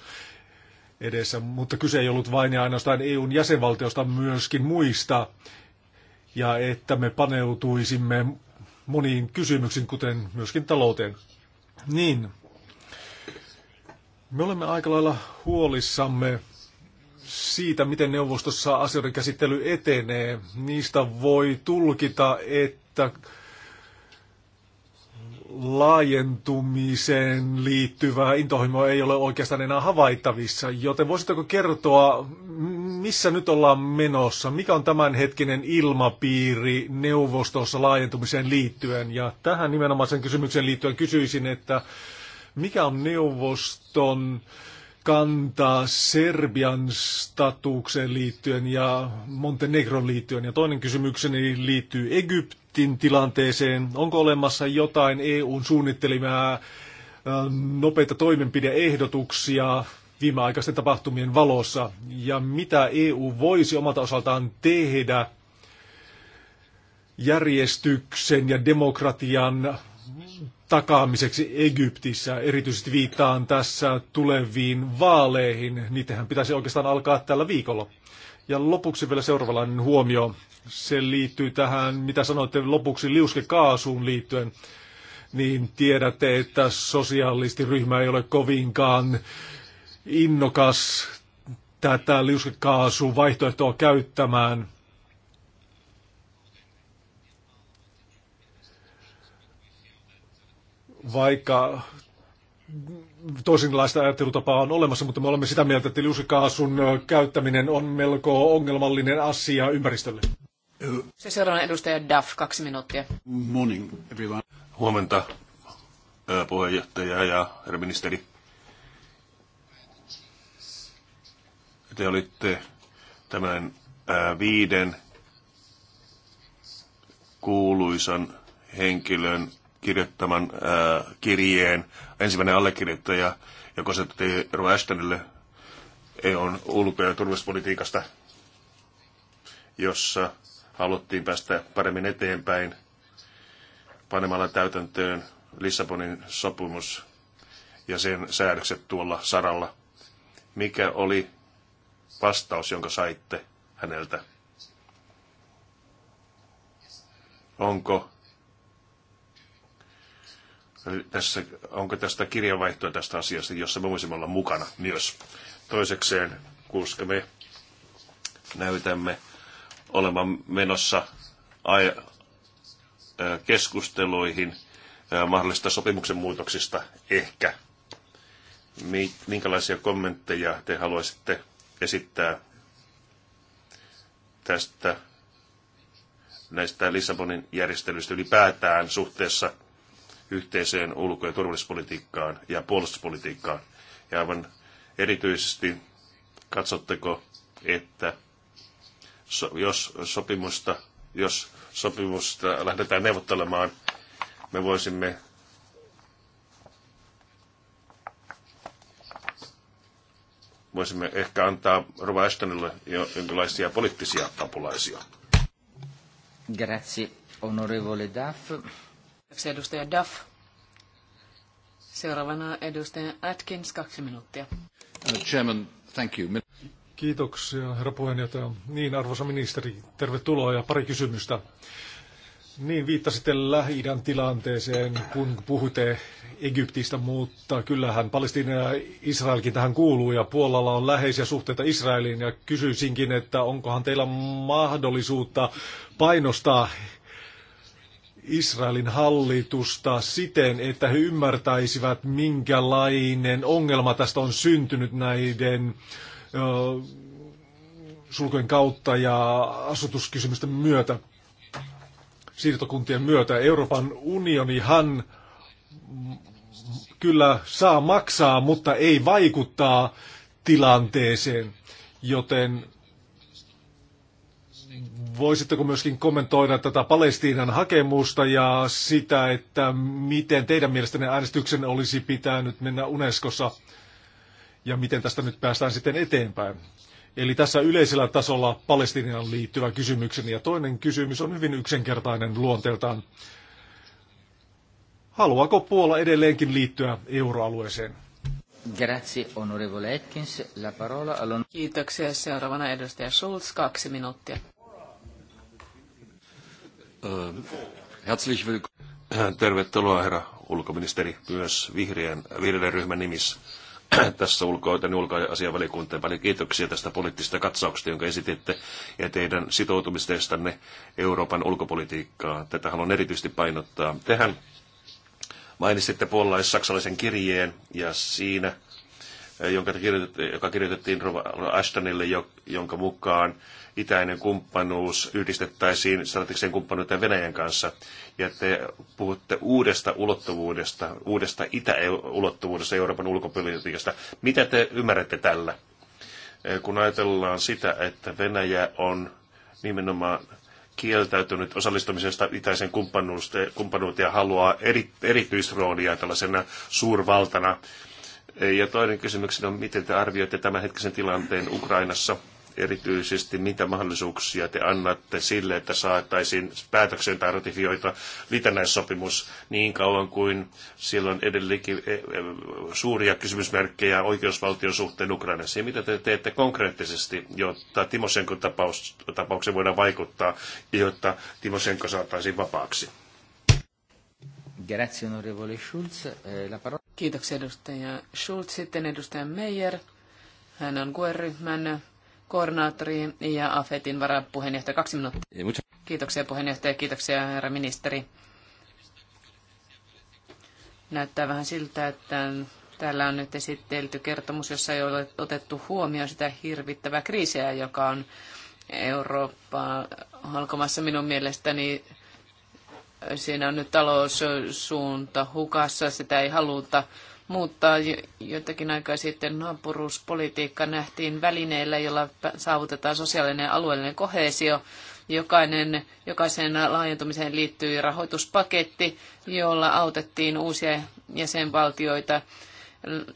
edessä. Mutta kyse ei ollut vain ja ainoastaan EUn jäsenvaltiosta, myöskin muista ja että me paneutuisimme moniin kysymyksiin, kuten myöskin talouteen. Niin, me olemme aika lailla huolissamme siitä, miten neuvostossa asioiden käsittely etenee. Niistä voi tulkita, että laajentumiseen liittyvää intohimoa ei ole oikeastaan enää havaittavissa, joten voisitteko kertoa, missä nyt ollaan menossa, mikä on tämänhetkinen ilmapiiri neuvostossa laajentumiseen liittyen? Ja tähän nimenomaisen kysymykseen liittyen kysyisin, että mikä on neuvoston kantaa Serbian statukseen liittyen ja Montenegron liittyen? Ja toinen kysymykseni liittyy Egyptin tilanteeseen. Onko olemassa jotain EUn suunnittelimaa nopeita toimenpideehdotuksia viimeaikaisten tapahtumien valossa ja mitä EU voisi omalta osaltaan tehdä järjestyksen ja demokratian takaamiseksi Egyptissä. Erityisesti viittaan tässä tuleviin vaaleihin. Niitähän pitäisi oikeastaan alkaa tällä viikolla. Ja lopuksi vielä seuraavanlainen huomio. Se liittyy tähän, mitä sanoitte lopuksi liuskekaasuun liittyen. Niin tiedätte, että sosiaalistiryhmä ei ole kovinkaan innokas tätä liuskekaasu vaihtoehtoa käyttämään – vaikka toisenlaista ajattelutapaa on olemassa, mutta me olemme sitä mieltä, että liuskakaasun käyttäminen on melko ongelmallinen asia ympäristölle. Se seuraava edustaja Duff, kaksi minuuttia. Morning, everyone. Huomenta, puheenjohtaja ja herra ministeri. Te olitte tämän viiden kuuluisan henkilön kirjoittaman äh, kirjeen ensimmäinen allekirjoittaja, joka se Ero Ashtonille e on ulkoja turvallisuuspolitiikasta, jossa haluttiin päästä paremmin eteenpäin panemalla täytäntöön Lissabonin sopimus ja sen säädökset tuolla saralla. Mikä oli vastaus, jonka saitte häneltä? Onko tässä, onko tästä kirjanvaihtoa tästä asiasta, jossa me voisimme olla mukana myös. Toisekseen, koska me näytämme olevan menossa keskusteluihin mahdollisista sopimuksen muutoksista ehkä. Minkälaisia kommentteja te haluaisitte esittää tästä näistä Lissabonin järjestelyistä ylipäätään suhteessa yhteiseen ulko- ja turvallisuuspolitiikkaan ja puolustuspolitiikkaan? Ja aivan erityisesti katsotteko, että so, jos sopimusta, jos sopimusta lähdetään neuvottelemaan, me voisimme voisimme ehkä antaa Rova Ashtonille jonkinlaisia poliittisia apulaisia. Grazie, onorevole Duff. Kiitoksia edustaja Duff. Seuraavana edustaja Atkins, kaksi minuuttia. Uh, chairman, thank you. Kiitoksia, herra puheenjohtaja. Niin, arvoisa ministeri, tervetuloa ja pari kysymystä. Niin, viittasitte lähi tilanteeseen, kun puhutte Egyptistä, mutta kyllähän Palestiina ja Israelkin tähän kuuluu ja Puolalla on läheisiä suhteita Israeliin ja kysyisinkin, että onkohan teillä mahdollisuutta painostaa Israelin hallitusta siten, että he ymmärtäisivät, minkälainen ongelma tästä on syntynyt näiden ö, sulkujen kautta ja asutuskysymysten myötä, siirtokuntien myötä. Euroopan unionihan kyllä saa maksaa, mutta ei vaikuttaa tilanteeseen, joten voisitteko myöskin kommentoida tätä Palestiinan hakemusta ja sitä, että miten teidän mielestänne äänestyksen olisi pitänyt mennä Unescossa ja miten tästä nyt päästään sitten eteenpäin? Eli tässä yleisellä tasolla Palestiinan liittyvä kysymykseni. Ja toinen kysymys on hyvin yksinkertainen luonteeltaan. Haluaako Puola edelleenkin liittyä euroalueeseen? Grazie, onorevole Atkins. La parola all'on... Kiitoksia. Seuraavana edustaja Schulz, kaksi minuuttia. Äh, herzlich Tervetuloa herra ulkoministeri myös vihreän, vihreän ryhmän nimissä tässä ulko- ja asianvalikuntaan. Paljon kiitoksia tästä poliittisesta katsauksesta, jonka esititte, ja teidän sitoutumistestanne Euroopan ulkopolitiikkaa. Tätä haluan erityisesti painottaa. Tehän mainitsitte puolalais-saksalaisen kirjeen, ja siinä, äh, jonka kirjoitettiin, joka kirjoitettiin Ashtonille, jonka mukaan itäinen kumppanuus yhdistettäisiin strategiseen kumppanuuteen Venäjän kanssa. Ja te puhutte uudesta ulottuvuudesta, uudesta itäulottuvuudesta Euroopan ulkopolitiikasta. Mitä te ymmärrätte tällä? Äh, kun ajatellaan sitä, että Venäjä on nimenomaan kieltäytynyt osallistumisesta itäisen kumppanuuteen ja haluaa eri, erityisroolia tällaisena suurvaltana. Äh, ja toinen kysymys on, miten te arvioitte tämänhetkisen tilanteen Ukrainassa? erityisesti mitä mahdollisuuksia te annatte sille, että saataisiin päätöksen tai ratifioita liitännäissopimus niin kauan kuin siellä on edelleenkin eh, eh, suuria kysymysmerkkejä oikeusvaltion suhteen Ukrainassa. Ja mitä te teette konkreettisesti, jotta Timosenkon tapaus, tapaukseen voidaan vaikuttaa jotta Timosenko saataisiin vapaaksi? Grazie onorevole Schulz. Eh, la parola... Kiitoksia edustaja Schulz. Sitten edustaja Meijer. Hän on QE-ryhmän koordinaattori ja AFETin varapuheenjohtaja. Kaksi minuuttia. Kiitoksia puheenjohtaja, kiitoksia herra ministeri. Näyttää vähän siltä, että täällä on nyt esitelty kertomus, jossa ei ole otettu huomioon sitä hirvittävää kriisiä, joka on Eurooppaa halkomassa minun mielestäni siinä on nyt taloussuunta hukassa, sitä ei haluta muuttaa. Jotakin aikaa sitten naapuruuspolitiikka nähtiin välineillä, jolla saavutetaan sosiaalinen ja alueellinen kohesio. Jokainen, jokaisen laajentumiseen liittyy rahoituspaketti, jolla autettiin uusia jäsenvaltioita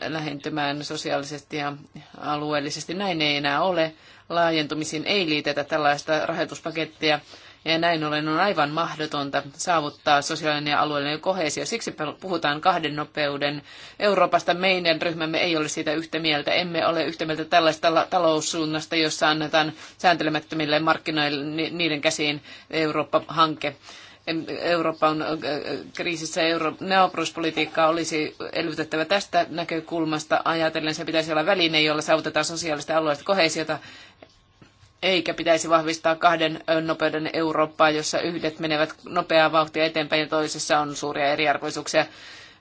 lähentymään sosiaalisesti ja alueellisesti. Näin ei enää ole. Laajentumisiin ei liitetä tällaista rahoituspakettia ja näin ollen on aivan mahdotonta saavuttaa sosiaalinen ja alueellinen kohesio. Siksi puhutaan kahden nopeuden Euroopasta. Meidän ryhmämme ei ole siitä yhtä mieltä. Emme ole yhtä mieltä tällaista taloussuunnasta, jossa annetaan sääntelemättömille markkinoille niiden käsiin Eurooppa-hanke. Eurooppa on kriisissä, euro, neopruspolitiikkaa olisi elvytettävä tästä näkökulmasta ajatellen. Se pitäisi olla väline, jolla saavutetaan sosiaalista alueellista kohesiota eikä pitäisi vahvistaa kahden nopeuden Eurooppaa, jossa yhdet menevät nopeaa vauhtia eteenpäin ja toisessa on suuria eriarvoisuuksia.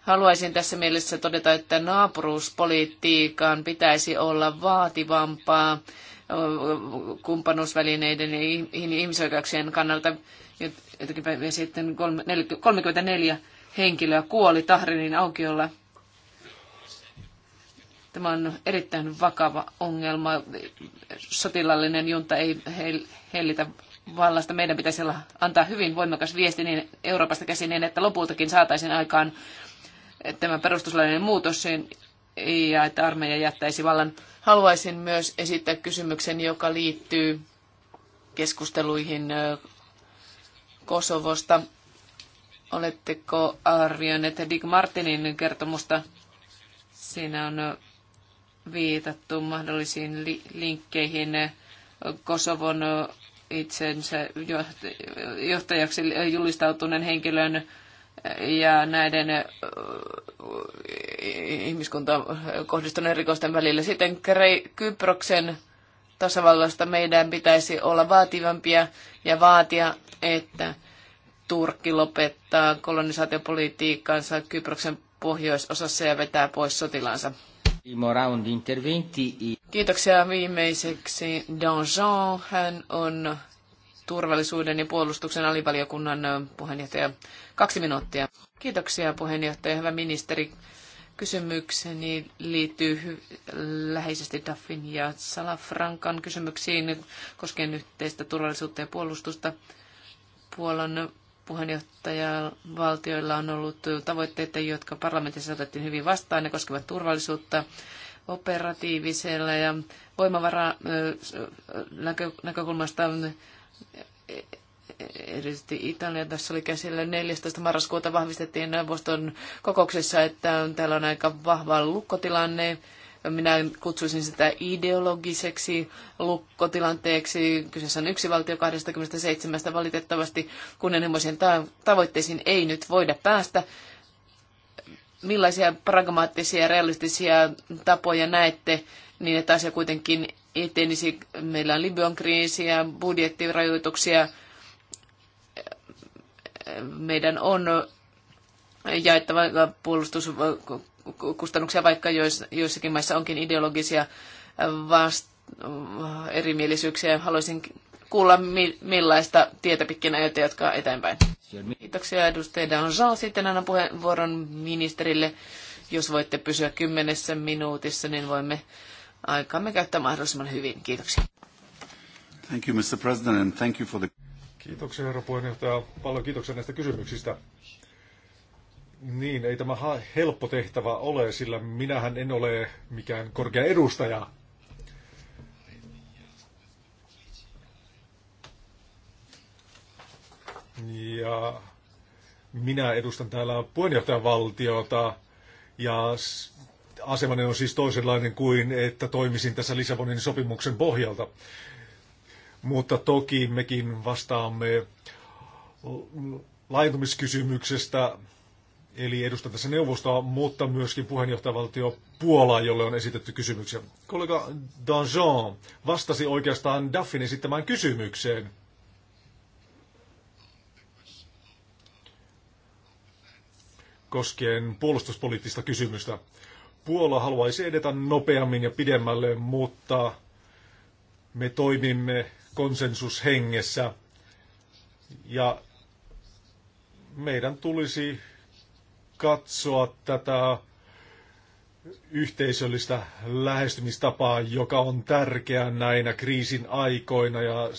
Haluaisin tässä mielessä todeta, että naapuruuspolitiikan pitäisi olla vaativampaa kumppanuusvälineiden ja ihmisoikeuksien kannalta. Jotenkin sitten 34 henkilöä kuoli Tahrinin aukiolla Tämä on erittäin vakava ongelma. Sotilallinen junta ei hellitä vallasta. Meidän pitäisi olla, antaa hyvin voimakas viesti niin Euroopasta käsin niin, että lopultakin saataisiin aikaan tämä perustuslainen muutos ja että armeija jättäisi vallan. Haluaisin myös esittää kysymyksen, joka liittyy keskusteluihin Kosovosta. Oletteko arvioineet Dick Martinin kertomusta? Siinä on viitattu mahdollisiin li- linkkeihin Kosovon itsensä johtajaksi julistautuneen henkilön ja näiden äh, ihmiskuntaan kohdistuneen rikosten välillä. Sitten Kyproksen tasavallasta meidän pitäisi olla vaativampia ja vaatia, että Turkki lopettaa kolonisaatiopolitiikkaansa Kyproksen pohjoisosassa ja vetää pois sotilaansa. Kiitoksia viimeiseksi Danjean. Hän on turvallisuuden ja puolustuksen alivaliokunnan puheenjohtaja. Kaksi minuuttia. Kiitoksia puheenjohtaja. Hyvä ministeri. Kysymykseni liittyy läheisesti Daffin ja Salafrankan kysymyksiin koskien yhteistä turvallisuutta ja puolustusta. Puolan Puheenjohtajavaltioilla on ollut tavoitteita, jotka parlamentissa otettiin hyvin vastaan. Ne koskevat turvallisuutta operatiivisella ja voimavara näkökulmasta e, erityisesti Italia tässä oli käsillä 14. marraskuuta vahvistettiin neuvoston kokouksessa, että täällä on aika vahva lukkotilanne minä kutsuisin sitä ideologiseksi lukkotilanteeksi. Kyseessä on yksi valtio 27. Valitettavasti kunnianhimoisiin tavoitteisiin ei nyt voida päästä. Millaisia pragmaattisia ja realistisia tapoja näette niin, että asia kuitenkin etenisi? Meillä on Libyan kriisiä, budjettirajoituksia. Meidän on jaettava puolustus kustannuksia, vaikka joissakin maissa onkin ideologisia vast- erimielisyyksiä. Haluaisin kuulla, millaista tietä pitkin ajatte jatkaa eteenpäin. Kiitoksia edustaja Danjean. Sitten annan puheenvuoron ministerille. Jos voitte pysyä kymmenessä minuutissa, niin voimme aikaamme käyttää mahdollisimman hyvin. Kiitoksia. Thank you, Mr. President, and thank you for the... Kiitoksia, herra puheenjohtaja. Paljon kiitoksia näistä kysymyksistä. Niin, ei tämä helppo tehtävä ole, sillä minähän en ole mikään korkea edustaja. Ja minä edustan täällä puheenjohtajavaltiota ja asemani on siis toisenlainen kuin, että toimisin tässä Lisabonin sopimuksen pohjalta. Mutta toki mekin vastaamme laajentumiskysymyksestä eli edustan tässä neuvostoa, mutta myöskin puheenjohtajavaltio Puolaa, jolle on esitetty kysymyksiä. Kollega Danjean vastasi oikeastaan Daffin esittämään kysymykseen. koskien puolustuspoliittista kysymystä. Puola haluaisi edetä nopeammin ja pidemmälle, mutta me toimimme konsensushengessä ja meidän tulisi katsoa tätä yhteisöllistä lähestymistapaa, joka on tärkeä näinä kriisin aikoina ja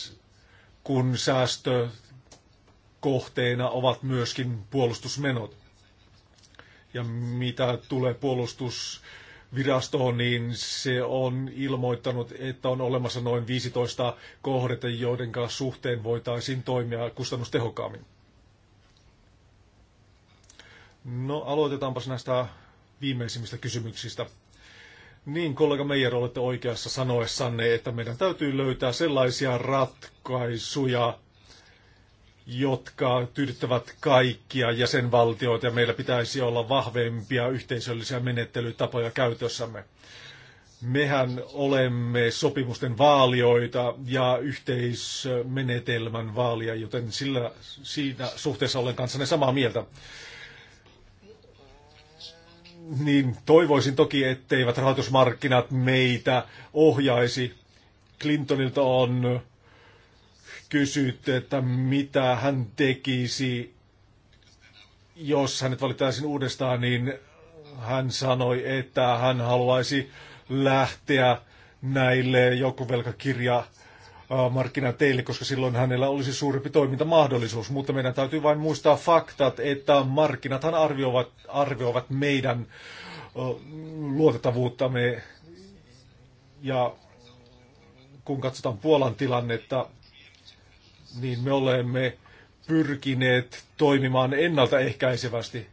kun säästökohteena ovat myöskin puolustusmenot. Ja mitä tulee puolustusvirastoon, niin se on ilmoittanut, että on olemassa noin 15 kohdetta, joiden suhteen voitaisiin toimia kustannustehokkaammin. No aloitetaanpas näistä viimeisimmistä kysymyksistä. Niin, kollega Meijer, olette oikeassa sanoessanne, että meidän täytyy löytää sellaisia ratkaisuja, jotka tyydyttävät kaikkia jäsenvaltioita ja meillä pitäisi olla vahvempia yhteisöllisiä menettelytapoja käytössämme. Mehän olemme sopimusten vaalioita ja yhteismenetelmän vaalia, joten sillä, siinä suhteessa olen kanssanne samaa mieltä niin toivoisin toki, etteivät rahoitusmarkkinat meitä ohjaisi. Clintonilta on kysytty, että mitä hän tekisi, jos hänet valittaisiin uudestaan, niin hän sanoi, että hän haluaisi lähteä näille joku velkakirja markkinat teille, koska silloin hänellä olisi suurempi toimintamahdollisuus. Mutta meidän täytyy vain muistaa faktat, että markkinathan arvioivat, arvioivat meidän luotettavuuttamme. Ja kun katsotaan Puolan tilannetta, niin me olemme pyrkineet toimimaan ennaltaehkäisevästi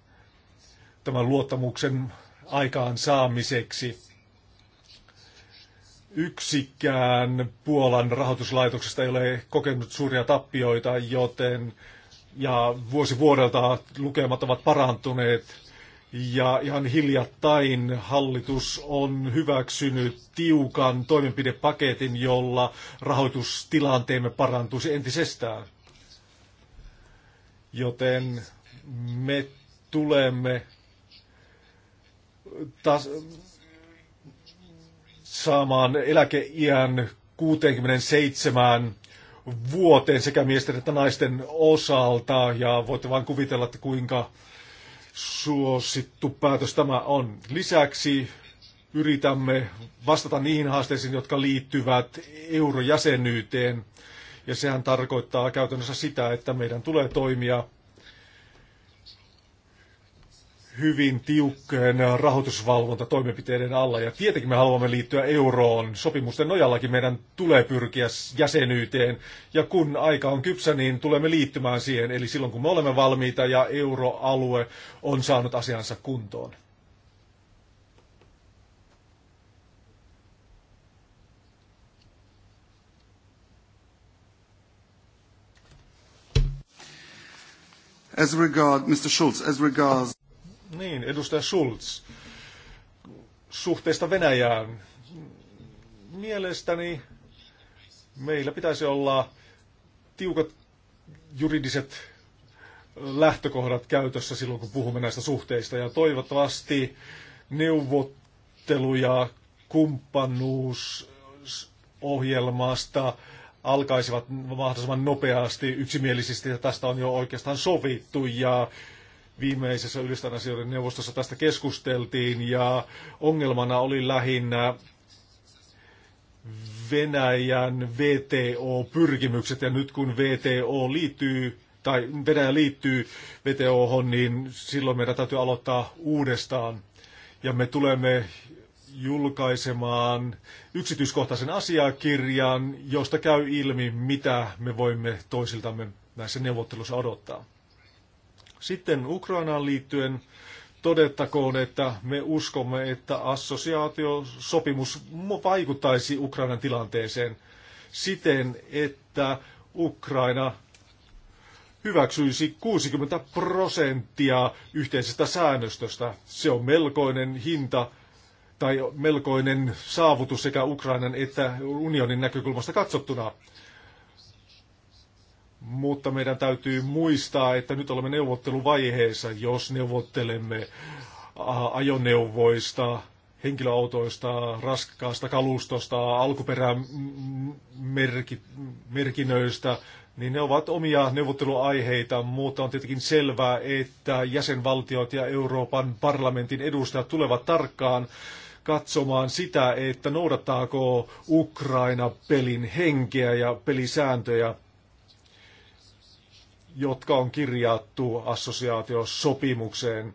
tämän luottamuksen aikaan saamiseksi yksikään Puolan rahoituslaitoksesta ei ole kokenut suuria tappioita, joten ja vuosi vuodelta lukemat ovat parantuneet. Ja ihan hiljattain hallitus on hyväksynyt tiukan toimenpidepaketin, jolla rahoitustilanteemme parantuisi entisestään. Joten me tulemme tas- saamaan eläkeiän 67 vuoteen sekä miesten että naisten osalta. Ja voitte vain kuvitella, että kuinka suosittu päätös tämä on. Lisäksi yritämme vastata niihin haasteisiin, jotka liittyvät eurojäsenyyteen. Ja sehän tarkoittaa käytännössä sitä, että meidän tulee toimia hyvin tiukkojen rahoitusvalvontatoimenpiteiden alla. Ja tietenkin me haluamme liittyä euroon. Sopimusten nojallakin meidän tulee pyrkiä jäsenyyteen. Ja kun aika on kypsä, niin tulemme liittymään siihen. Eli silloin kun me olemme valmiita ja euroalue on saanut asiansa kuntoon. As regard, Mr. Schulz, as regards niin, edustaja Schulz. Suhteista Venäjään. Mielestäni meillä pitäisi olla tiukat juridiset lähtökohdat käytössä silloin, kun puhumme näistä suhteista. Ja toivottavasti neuvottelu- ja kumppanuusohjelmasta alkaisivat mahdollisimman nopeasti yksimielisesti, ja tästä on jo oikeastaan sovittu, ja viimeisessä yhdistän asioiden neuvostossa tästä keskusteltiin ja ongelmana oli lähinnä Venäjän VTO-pyrkimykset ja nyt kun VTO liittyy tai Venäjä liittyy VTO, niin silloin meidän täytyy aloittaa uudestaan. Ja me tulemme julkaisemaan yksityiskohtaisen asiakirjan, josta käy ilmi, mitä me voimme toisiltamme näissä neuvotteluissa odottaa. Sitten Ukrainaan liittyen todettakoon, että me uskomme, että assosiaatiosopimus vaikuttaisi Ukrainan tilanteeseen siten, että Ukraina hyväksyisi 60 prosenttia yhteisestä säännöstöstä. Se on melkoinen hinta tai melkoinen saavutus sekä Ukrainan että unionin näkökulmasta katsottuna. Mutta meidän täytyy muistaa, että nyt olemme neuvotteluvaiheessa, jos neuvottelemme ajoneuvoista, henkilöautoista, raskaasta kalustosta, alkuperämerkinnöistä, niin ne ovat omia neuvotteluaiheita, mutta on tietenkin selvää, että jäsenvaltiot ja Euroopan parlamentin edustajat tulevat tarkkaan katsomaan sitä, että noudattaako Ukraina pelin henkeä ja pelisääntöjä jotka on kirjattu assosiaatiosopimukseen.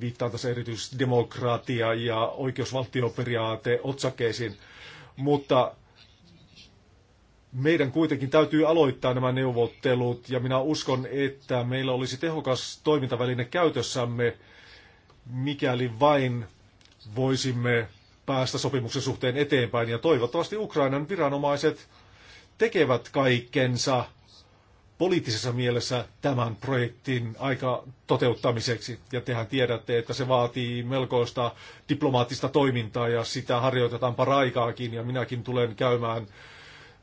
Viittaan tässä erityisesti demokratia ja oikeusvaltioperiaate otsakkeisiin. Mutta meidän kuitenkin täytyy aloittaa nämä neuvottelut ja minä uskon, että meillä olisi tehokas toimintaväline käytössämme, mikäli vain voisimme päästä sopimuksen suhteen eteenpäin. Ja toivottavasti Ukrainan viranomaiset tekevät kaikkensa poliittisessa mielessä tämän projektin aika toteuttamiseksi. Ja tehän tiedätte, että se vaatii melkoista diplomaattista toimintaa ja sitä harjoitetaan paraikaakin ja minäkin tulen käymään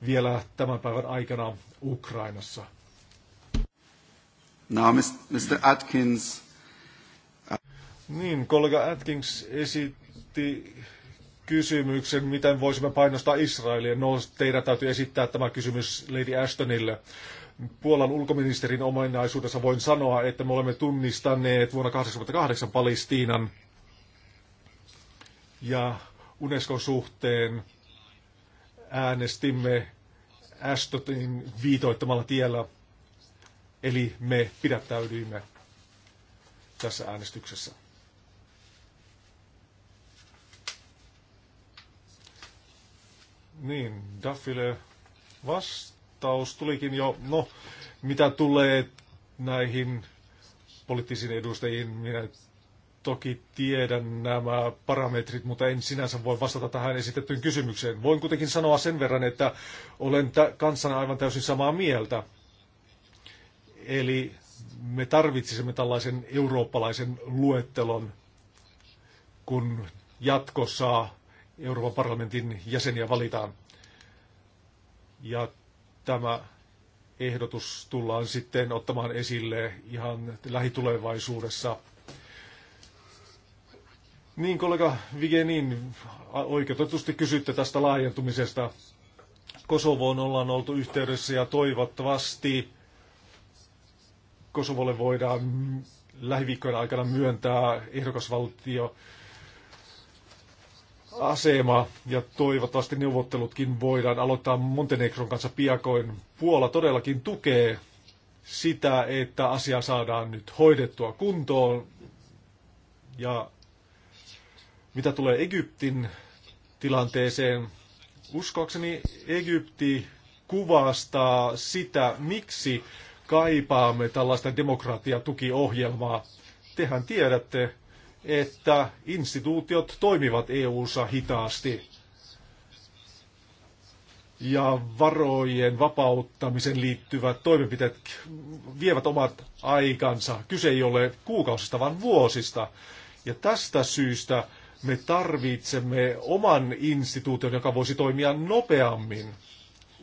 vielä tämän päivän aikana Ukrainassa. No, Mr. Atkins. Niin, kollega Atkins esitti kysymyksen, miten voisimme painostaa Israelia. No, teidän täytyy esittää tämä kysymys Lady Ashtonille. Puolan ulkoministerin ominaisuudessa voin sanoa, että me olemme tunnistaneet vuonna 1988 Palestiinan ja Unescon suhteen äänestimme Ashtonin viitoittamalla tiellä, eli me pidättäydyimme tässä äänestyksessä. Niin, Daffille vasta vastaus tulikin jo, no mitä tulee näihin poliittisiin edustajiin, minä toki tiedän nämä parametrit, mutta en sinänsä voi vastata tähän esitettyyn kysymykseen. Voin kuitenkin sanoa sen verran, että olen t- kanssana aivan täysin samaa mieltä. Eli me tarvitsisimme tällaisen eurooppalaisen luettelon, kun jatkossa Euroopan parlamentin jäseniä valitaan. Ja tämä ehdotus tullaan sitten ottamaan esille ihan lähitulevaisuudessa. Niin, kollega Vigenin, oikeutetusti kysytte tästä laajentumisesta. Kosovoon ollaan oltu yhteydessä ja toivottavasti Kosovolle voidaan lähiviikkojen aikana myöntää ehdokasvaltio asema ja toivottavasti neuvottelutkin voidaan aloittaa Montenegron kanssa piakoin. Puola todellakin tukee sitä, että asia saadaan nyt hoidettua kuntoon. Ja mitä tulee Egyptin tilanteeseen, uskoakseni Egypti kuvastaa sitä, miksi kaipaamme tällaista demokratiatukiohjelmaa. Tehän tiedätte, että instituutiot toimivat EU-ssa hitaasti. Ja varojen vapauttamisen liittyvät toimenpiteet vievät omat aikansa. Kyse ei ole kuukausista, vaan vuosista. Ja tästä syystä me tarvitsemme oman instituution, joka voisi toimia nopeammin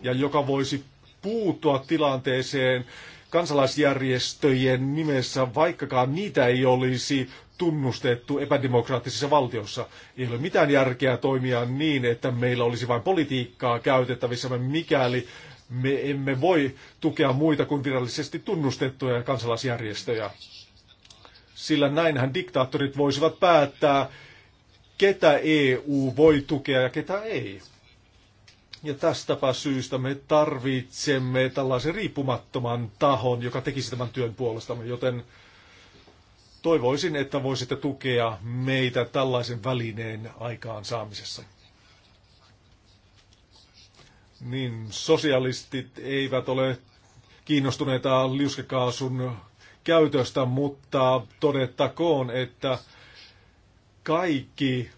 ja joka voisi puuttua tilanteeseen kansalaisjärjestöjen nimessä, vaikkakaan niitä ei olisi tunnustettu epädemokraattisissa valtiossa. Ei ole mitään järkeä toimia niin, että meillä olisi vain politiikkaa käytettävissä, mikäli me emme voi tukea muita kuin virallisesti tunnustettuja kansalaisjärjestöjä. Sillä näinhän diktaattorit voisivat päättää, ketä EU voi tukea ja ketä ei. Ja tästäpä syystä me tarvitsemme tällaisen riippumattoman tahon, joka tekisi tämän työn puolestamme, joten toivoisin, että voisitte tukea meitä tällaisen välineen aikaansaamisessa. Niin, sosialistit eivät ole kiinnostuneita liuskekaasun käytöstä, mutta todettakoon, että kaikki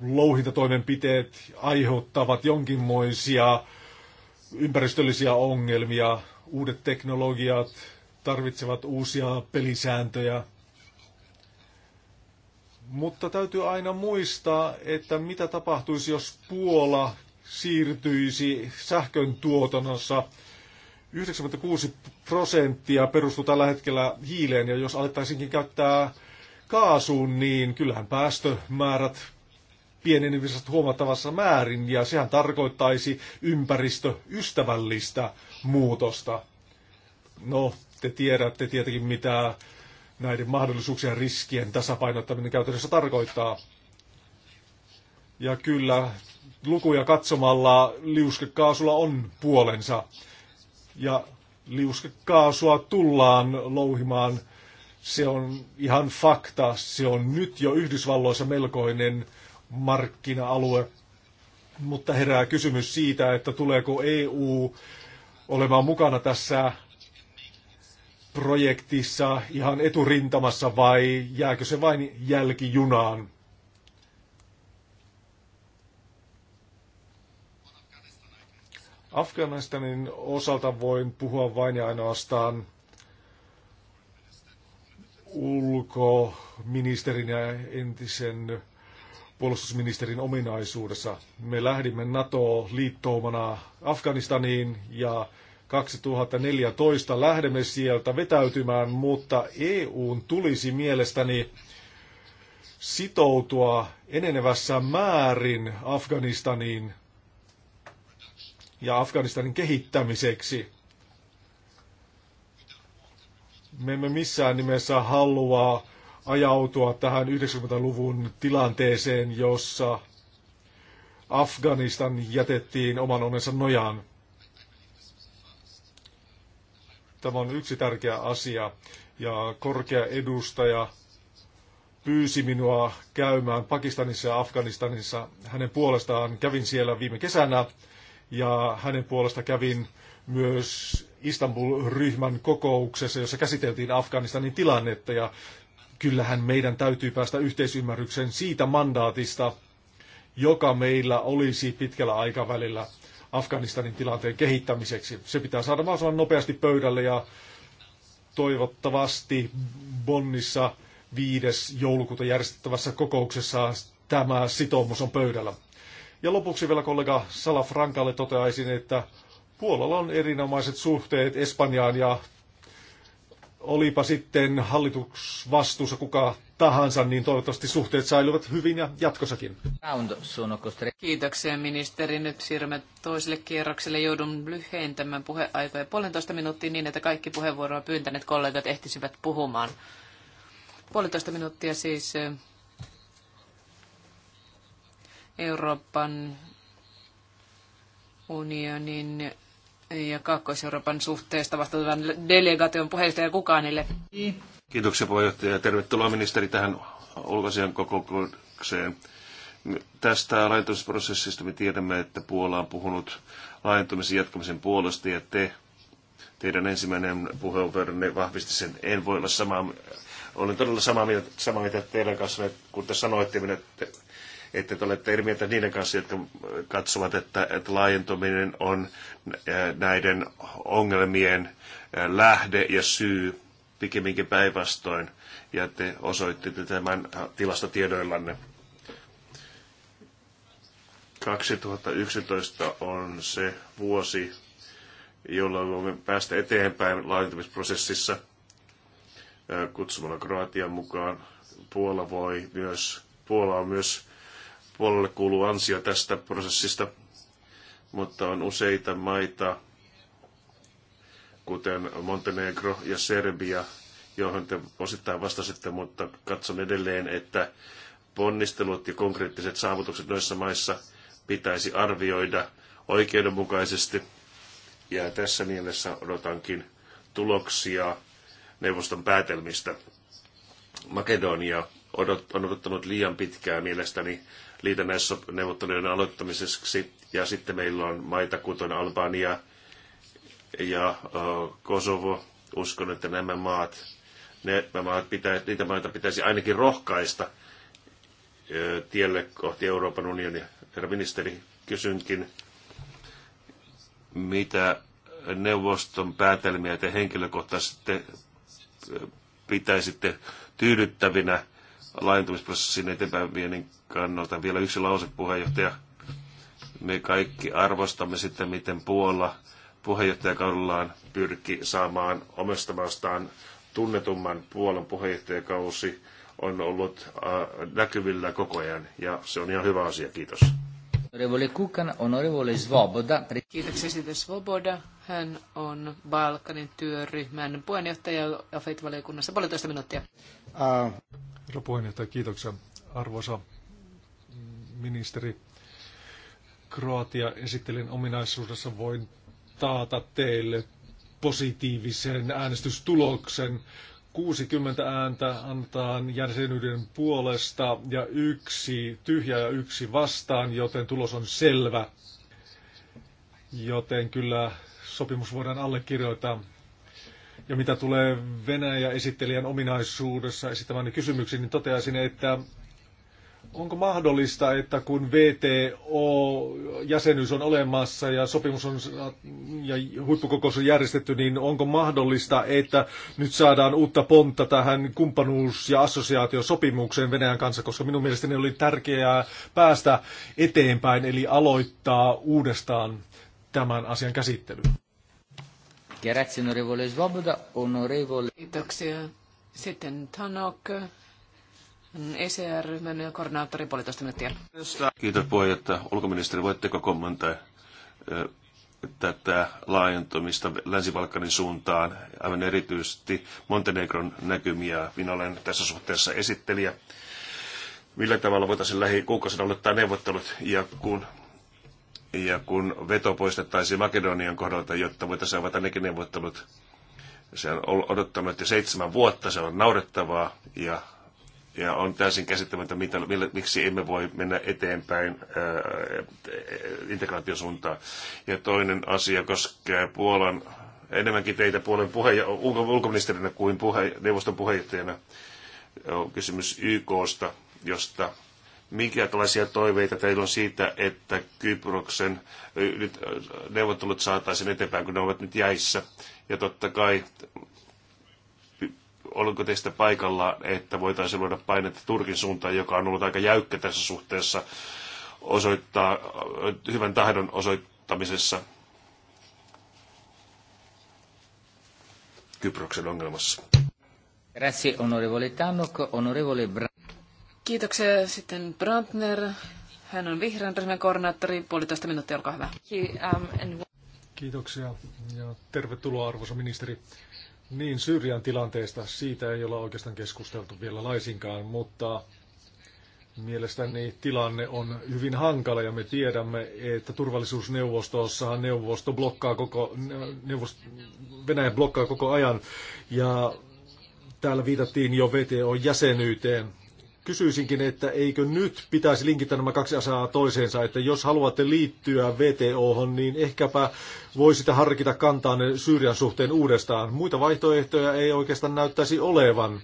louhintatoimenpiteet aiheuttavat jonkinmoisia ympäristöllisiä ongelmia. Uudet teknologiat tarvitsevat uusia pelisääntöjä. Mutta täytyy aina muistaa, että mitä tapahtuisi, jos Puola siirtyisi sähkön tuotannossa 96 prosenttia perustuu tällä hetkellä hiileen, ja jos alettaisinkin käyttää kaasuun, niin kyllähän päästömäärät pienenevät huomattavassa määrin, ja sehän tarkoittaisi ympäristöystävällistä muutosta. No, te tiedätte tietenkin, mitä näiden mahdollisuuksien riskien tasapainottaminen käytännössä tarkoittaa. Ja kyllä, lukuja katsomalla liuskekaasulla on puolensa. Ja liuskekaasua tullaan louhimaan – se on ihan fakta. Se on nyt jo Yhdysvalloissa melkoinen markkina-alue. Mutta herää kysymys siitä, että tuleeko EU olemaan mukana tässä projektissa ihan eturintamassa vai jääkö se vain jälkijunaan? Afganistanin osalta voin puhua vain ja ainoastaan ulkoministerin ja entisen puolustusministerin ominaisuudessa. Me lähdimme NATO-liittoumana Afganistaniin ja 2014 lähdemme sieltä vetäytymään, mutta EUn tulisi mielestäni sitoutua enenevässä määrin Afganistaniin ja Afganistanin kehittämiseksi. Me emme missään nimessä halua ajautua tähän 90-luvun tilanteeseen, jossa Afganistan jätettiin oman onnensa nojaan. Tämä on yksi tärkeä asia ja korkea edustaja pyysi minua käymään Pakistanissa ja Afganistanissa. Hänen puolestaan kävin siellä viime kesänä ja hänen puolesta kävin myös Istanbul-ryhmän kokouksessa, jossa käsiteltiin Afganistanin tilannetta ja kyllähän meidän täytyy päästä yhteisymmärrykseen siitä mandaatista, joka meillä olisi pitkällä aikavälillä Afganistanin tilanteen kehittämiseksi. Se pitää saada mahdollisimman nopeasti pöydälle ja toivottavasti Bonnissa 5. joulukuuta järjestettävässä kokouksessa tämä sitoumus on pöydällä. Ja lopuksi vielä kollega Salafrankalle toteaisin, että Puolalla on erinomaiset suhteet Espanjaan ja olipa sitten hallitusvastuussa kuka tahansa, niin toivottavasti suhteet säilyvät hyvin ja jatkossakin. Kiitoksia ministeri. Nyt siirrymme toiselle kierrokselle. Joudun lyhentämään puheaikoja puolentoista minuuttia niin, että kaikki puheenvuoroa pyyntäneet kollegat ehtisivät puhumaan. Puolentoista minuuttia siis eh, Euroopan unionin ja Kaakkois-Euroopan suhteesta vastaavan delegaation puheenjohtaja Kukaanille. Kiitoksia puheenjohtaja ja tervetuloa ministeri tähän ulkoisen kokoukseen. Tästä laajentumisprosessista me tiedämme, että Puola on puhunut laajentumisen jatkamisen puolesta ja te, teidän ensimmäinen puheenvuoronne vahvisti sen. En voi olla samaa olen todella samaa mieltä, samaa mieltä teidän kanssa, kun te sanoitte, että että te olette eri mieltä niiden kanssa, jotka katsovat, että, että laajentuminen on näiden ongelmien lähde ja syy pikemminkin päinvastoin, ja te osoititte tämän tilastotiedoillanne. 2011 on se vuosi, jolloin voimme päästä eteenpäin laajentumisprosessissa kutsumalla Kroatian mukaan. Puola voi myös, Puola on myös puolelle kuuluu ansio tästä prosessista, mutta on useita maita, kuten Montenegro ja Serbia, johon te osittain vastasitte, mutta katson edelleen, että ponnistelut ja konkreettiset saavutukset noissa maissa pitäisi arvioida oikeudenmukaisesti. Ja tässä mielessä odotankin tuloksia neuvoston päätelmistä. Makedonia on odottanut liian pitkää mielestäni liitännäisneuvottelujen aloittamiseksi. Ja sitten meillä on maita kuten Albania ja Kosovo. Uskon, että nämä maat, ne, maat pitää, niitä maita pitäisi ainakin rohkaista tielle kohti Euroopan unionia. Herra ministeri, kysynkin, mitä neuvoston päätelmiä te henkilökohtaisesti pitäisitte tyydyttävinä laajentumisprosessin eteenpäin kannalta vielä yksi lause, puheenjohtaja. Me kaikki arvostamme sitten, miten Puola puheenjohtajakaudellaan pyrki saamaan omistamastaan tunnetumman Puolan puheenjohtajakausi on ollut äh, näkyvillä koko ajan ja se on ihan hyvä asia. Kiitos. Onorevole Kukan, onorevole Svoboda. Kiitoksia siitä Svoboda. Hän on Balkanin työryhmän puheenjohtaja ja valiokunnassa Puolitoista minuuttia. Herra puheenjohtaja, kiitoksia. Arvoisa ministeri. Kroatia esittelin ominaisuudessa voin taata teille positiivisen äänestystuloksen. 60 ääntä antaan jäsenyyden puolesta ja yksi tyhjä ja yksi vastaan, joten tulos on selvä. Joten kyllä sopimus voidaan allekirjoittaa. Ja mitä tulee Venäjä-esittelijän ominaisuudessa esittämään kysymyksiin, niin toteaisin, että Onko mahdollista, että kun VTO-jäsenyys on olemassa ja sopimus on ja huippukokous on järjestetty, niin onko mahdollista, että nyt saadaan uutta pontta tähän kumppanuus- ja assosiaatiosopimukseen Venäjän kanssa, koska minun mielestäni oli tärkeää päästä eteenpäin, eli aloittaa uudestaan tämän asian käsittely. Grazie, onorevole Svoboda, onorevole... Kiitoksia. Sitten Tanok, ECR-ryhmän koordinaattori puolitoista minuuttia. Kiitos puheenjohtaja. Ulkoministeri, voitteko kommentoida tätä laajentumista Länsi-Balkanin suuntaan, aivan erityisesti Montenegron näkymiä. Minä olen tässä suhteessa esittelijä. Millä tavalla voitaisiin lähikuukausina aloittaa neuvottelut ja kun, ja kun veto poistettaisiin Makedonian kohdalta, jotta voitaisiin avata nekin neuvottelut. Se on odottanut jo seitsemän vuotta, se on naurettavaa ja ja on täysin käsittämätöntä, mitä, millä, miksi emme voi mennä eteenpäin ää, integraatiosuuntaan. Ja toinen asia koskee Puolan, enemmänkin teitä Puolan puheenja- ulkoministerinä kuin puhe- neuvoston puheenjohtajana. On kysymys YKsta, josta mikä tällaisia toiveita teillä on siitä, että Kyproksen nyt neuvottelut saataisiin eteenpäin, kun ne ovat nyt jäissä. Ja totta kai oliko teistä paikalla, että voitaisiin luoda painetta Turkin suuntaan, joka on ollut aika jäykkä tässä suhteessa osoittaa, hyvän tahdon osoittamisessa Kyproksen ongelmassa? Grazie, onorevole Tannock, onorevole Kiitoksia sitten Brandner. Hän on vihreän ryhmän koordinaattori. Puolitoista minuuttia, olkaa hyvä. Um, Kiitoksia ja tervetuloa arvoisa ministeri. Niin, Syyrian tilanteesta, siitä ei olla oikeastaan keskusteltu vielä laisinkaan, mutta mielestäni tilanne on hyvin hankala ja me tiedämme, että turvallisuusneuvostossa neuvosto blokkaa koko, neuvost, Venäjä blokkaa koko ajan ja täällä viitattiin jo VTO-jäsenyyteen Kysyisinkin, että eikö nyt pitäisi linkittää nämä kaksi asiaa toiseensa, että jos haluatte liittyä VTOhon, niin ehkäpä voisitte harkita ne Syyrian suhteen uudestaan. Muita vaihtoehtoja ei oikeastaan näyttäisi olevan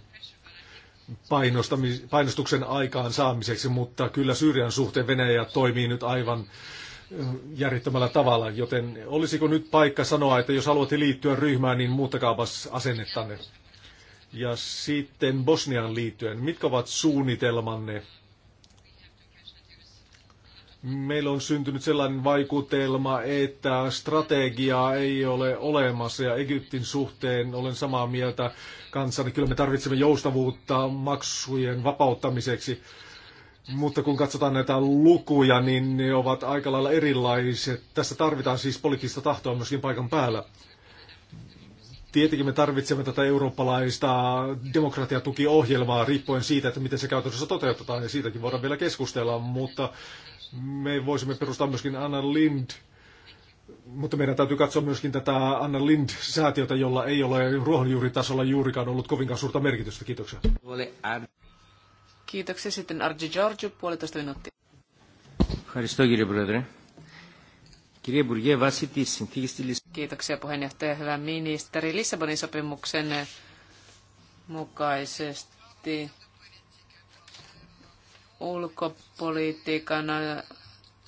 painostuksen aikaan saamiseksi, mutta kyllä Syyrian suhteen Venäjä toimii nyt aivan järjettömällä tavalla, joten olisiko nyt paikka sanoa, että jos haluatte liittyä ryhmään, niin muuttakaapas asennettanne. Ja sitten Bosniaan liittyen, mitkä ovat suunnitelmanne? Meillä on syntynyt sellainen vaikutelma, että strategiaa ei ole olemassa ja Egyptin suhteen olen samaa mieltä kanssani. Kyllä me tarvitsemme joustavuutta maksujen vapauttamiseksi. Mutta kun katsotaan näitä lukuja, niin ne ovat aika lailla erilaiset. Tässä tarvitaan siis poliittista tahtoa myöskin paikan päällä. Tietenkin me tarvitsemme tätä eurooppalaista demokratiatukiohjelmaa riippuen siitä, että miten se käytännössä toteutetaan, ja siitäkin voidaan vielä keskustella, mutta me voisimme perustaa myöskin Anna Lind, mutta meidän täytyy katsoa myöskin tätä Anna Lind-säätiötä, jolla ei ole ruohonjuuritasolla juurikaan ollut kovinkaan suurta merkitystä. Kiitoksia. Kiitoksia. Sitten Arji Giorgio, puolitoista minuuttia. Ευχαριστώ Kirje vasi Kiitoksia puheenjohtaja, hyvä ministeri. Lissabonin sopimuksen mukaisesti ulkopolitiikan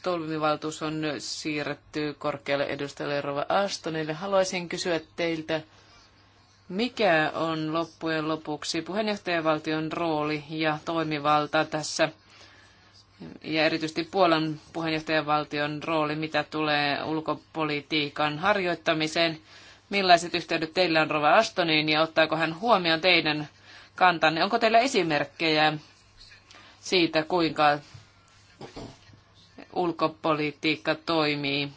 toimivaltuus on siirretty korkealle edustajalle Rova Astonille. Haluaisin kysyä teiltä, mikä on loppujen lopuksi puheenjohtajavaltion rooli ja toimivalta tässä ja erityisesti Puolan puheenjohtajavaltion rooli, mitä tulee ulkopolitiikan harjoittamiseen. Millaiset yhteydet teillä on Rova Astoniin ja ottaako hän huomioon teidän kantanne? Onko teillä esimerkkejä siitä, kuinka ulkopolitiikka toimii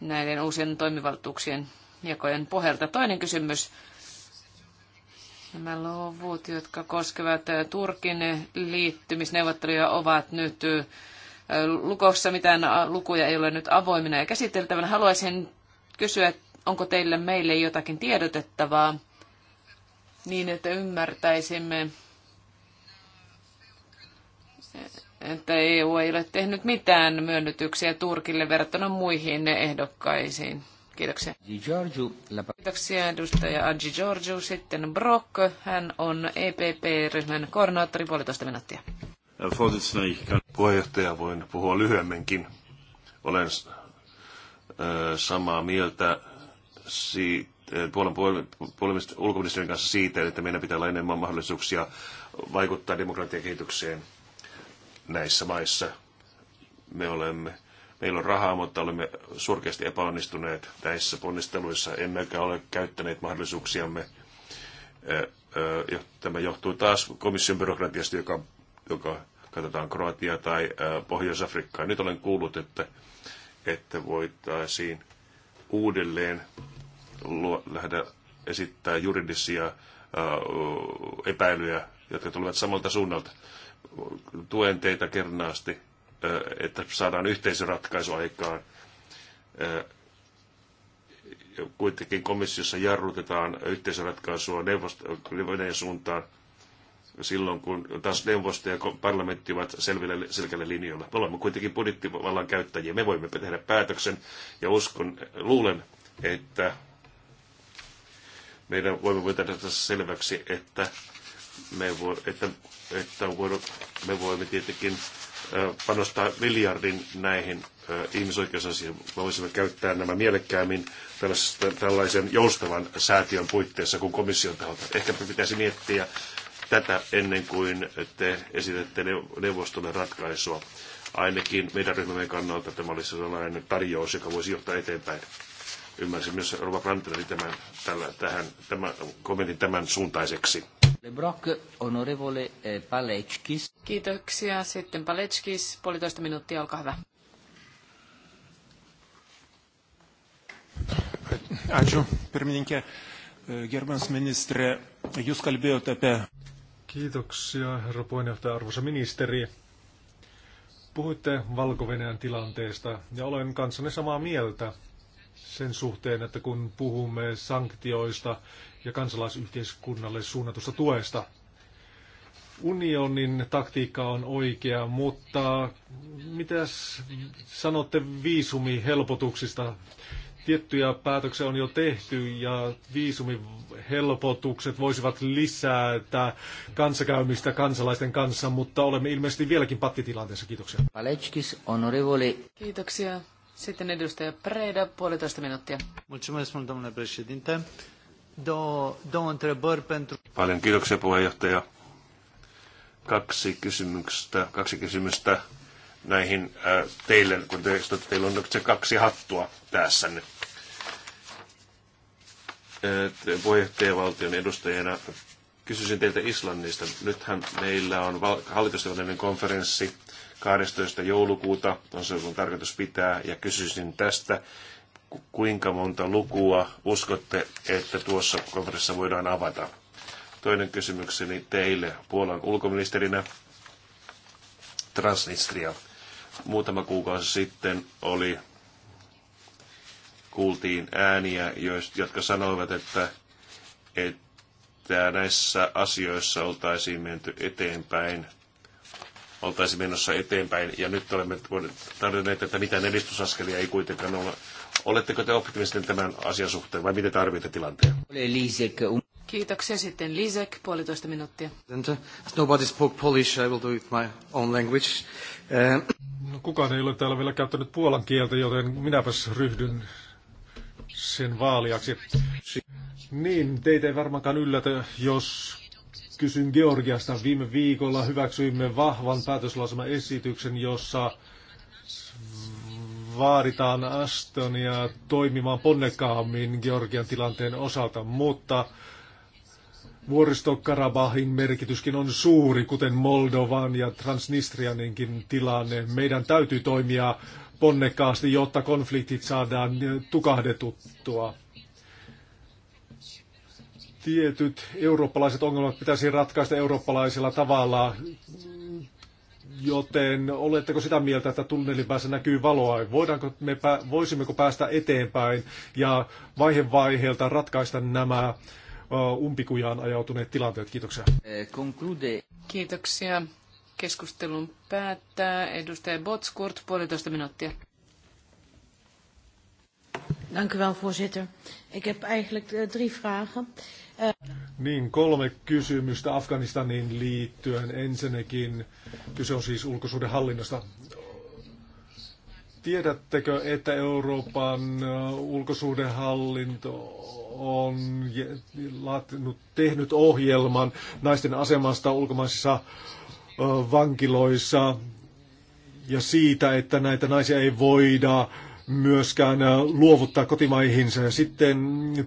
näiden uusien toimivaltuuksien jakojen pohjalta? Toinen kysymys Nämä luvut, jotka koskevat äh, Turkin liittymisneuvotteluja, ovat nyt äh, lukossa. Mitään äh, lukuja ei ole nyt avoimina ja käsiteltävänä. Haluaisin kysyä, onko teille meille jotakin tiedotettavaa niin, että ymmärtäisimme, että EU ei ole tehnyt mitään myönnytyksiä Turkille verrattuna muihin ehdokkaisiin. Kiitoksia. Kiitoksia edustaja Adji Giorgio. Sitten Brock, hän on EPP-ryhmän koordinaattori puolitoista minuuttia. Puheenjohtaja, voin puhua lyhyemminkin. Olen äh, samaa mieltä siitä, äh, Puolan ulkoministerin kanssa siitä, että meidän pitää olla enemmän mahdollisuuksia vaikuttaa demokratiakehitykseen näissä maissa. Me olemme Meillä on rahaa, mutta olemme surkeasti epäonnistuneet näissä ponnisteluissa, emmekä ole käyttäneet mahdollisuuksiamme. Tämä johtuu taas komission byrokratiasta, joka, joka katsotaan Kroatiaa tai Pohjois-Afrikkaa. Nyt olen kuullut, että, että voitaisiin uudelleen luo, lähdä esittää juridisia epäilyjä, jotka tulevat samalta suunnalta. Tuen teitä kernaasti että saadaan yhteisöratkaisu aikaan. Kuitenkin komissiossa jarrutetaan yhteisöratkaisua neuvoston suuntaan silloin, kun taas neuvosto ja parlamentti ovat selville, selkeällä linjoilla. Me olemme kuitenkin budjettivallan käyttäjiä. Me voimme tehdä päätöksen ja uskon, luulen, että meidän voimme voida tässä selväksi, että me voi, että että me voimme tietenkin panostaa miljardin näihin ihmisoikeusasioihin. Voisimme käyttää nämä mielekkäämmin tällaisen joustavan säätiön puitteissa kuin komission taholta. Ehkä pitäisi miettiä tätä ennen kuin te esitätte neuvostolle ratkaisua. Ainakin meidän ryhmämme kannalta tämä olisi sellainen tarjous, joka voisi johtaa eteenpäin. Ymmärsin myös Rova Brantneri tämän, tähän, tämän, kommentin tämän suuntaiseksi. Brock, onorevole eh, Palechkis. Kiitoksia. Sitten Palechkis, puolitoista minuuttia, olkaa hyvä. Ačiū, pirmininkė. E, gerbiamas ministrė, jūs kalbėjote apie... Kiitoksia, herra puheenjohtaja, arvoisa ministeri. Puhuitte valko tilanteesta ja olen kanssanne samaa mieltä sen suhteen, että kun puhumme sanktioista ja kansalaisyhteiskunnalle suunnatusta tuesta, unionin taktiikka on oikea, mutta mitäs sanotte viisumihelpotuksista? Tiettyjä päätöksiä on jo tehty ja viisumihelpotukset voisivat lisätä kanssakäymistä kansalaisten kanssa, mutta olemme ilmeisesti vieläkin pattitilanteessa. Kiitoksia. Kiitoksia. Sitten edustaja Preda, puolitoista minuuttia. Mulțumesc mult, domnule președinte. Două, două întrebări pentru... Paljon kiitoksia, puheenjohtaja. Kaksi kysymystä, kaksi kysymystä näihin äh, teille, kun te, teillä on se kaksi hattua tässä nyt. Äh, puheenjohtajavaltion edustajana kysyisin teiltä Islannista. Nythän meillä on val- hallitusten konferenssi 12. joulukuuta on se, kun tarkoitus pitää, ja kysyisin tästä, kuinka monta lukua uskotte, että tuossa konferenssissa voidaan avata? Toinen kysymykseni teille Puolan ulkoministerinä Transnistria. Muutama kuukausi sitten oli, kuultiin ääniä, jotka sanoivat, että, että näissä asioissa oltaisiin menty eteenpäin oltaisiin menossa eteenpäin, ja nyt olemme tarvinneet, että mitään edistysaskelia ei kuitenkaan ole. Oletteko te optimistinen tämän asian suhteen, vai miten te arvioitte tilanteen? Kiitoksia sitten Lisek, puolitoista minuuttia. nobody spoke Polish, I will do it my own language. Eh, no, kukaan ei ole täällä vielä käyttänyt puolan kieltä, joten minäpäs ryhdyn sen vaaliaksi. Niin, teitä ei varmaankaan yllätä, jos kysyn Georgiasta. Viime viikolla hyväksyimme vahvan esityksen, jossa vaaditaan Astonia toimimaan ponnekaammin Georgian tilanteen osalta, mutta Vuoristokarabahin merkityskin on suuri, kuten Moldovan ja Transnistrianinkin tilanne. Meidän täytyy toimia ponnekkaasti, jotta konfliktit saadaan tukahdetuttua tietyt eurooppalaiset ongelmat pitäisi ratkaista eurooppalaisella tavalla, joten oletteko sitä mieltä, että tunnelin päässä näkyy valoa? Voidaanko me, voisimmeko päästä eteenpäin ja vaihe vaiheelta ratkaista nämä umpikujaan ajautuneet tilanteet? Kiitoksia. Conclude. Kiitoksia. Keskustelun päättää edustaja Botskurt, puolitoista minuuttia. Dank u wel, voorzitter. Ik heb eigenlijk eh, drie vragen. Uh, niin, kolme kysymystä Afganistaniin liittyen. Ensinnäkin kyse on siis ulkosuuden hallinnosta. Tiedättekö, että Euroopan äh, ulkosuhdehallinto on laatinut, tehnyt ohjelman naisten asemasta ulkomaisissa äh, vankiloissa ja siitä, että näitä naisia ei voida myöskään äh, luovuttaa kotimaihinsa. Sitten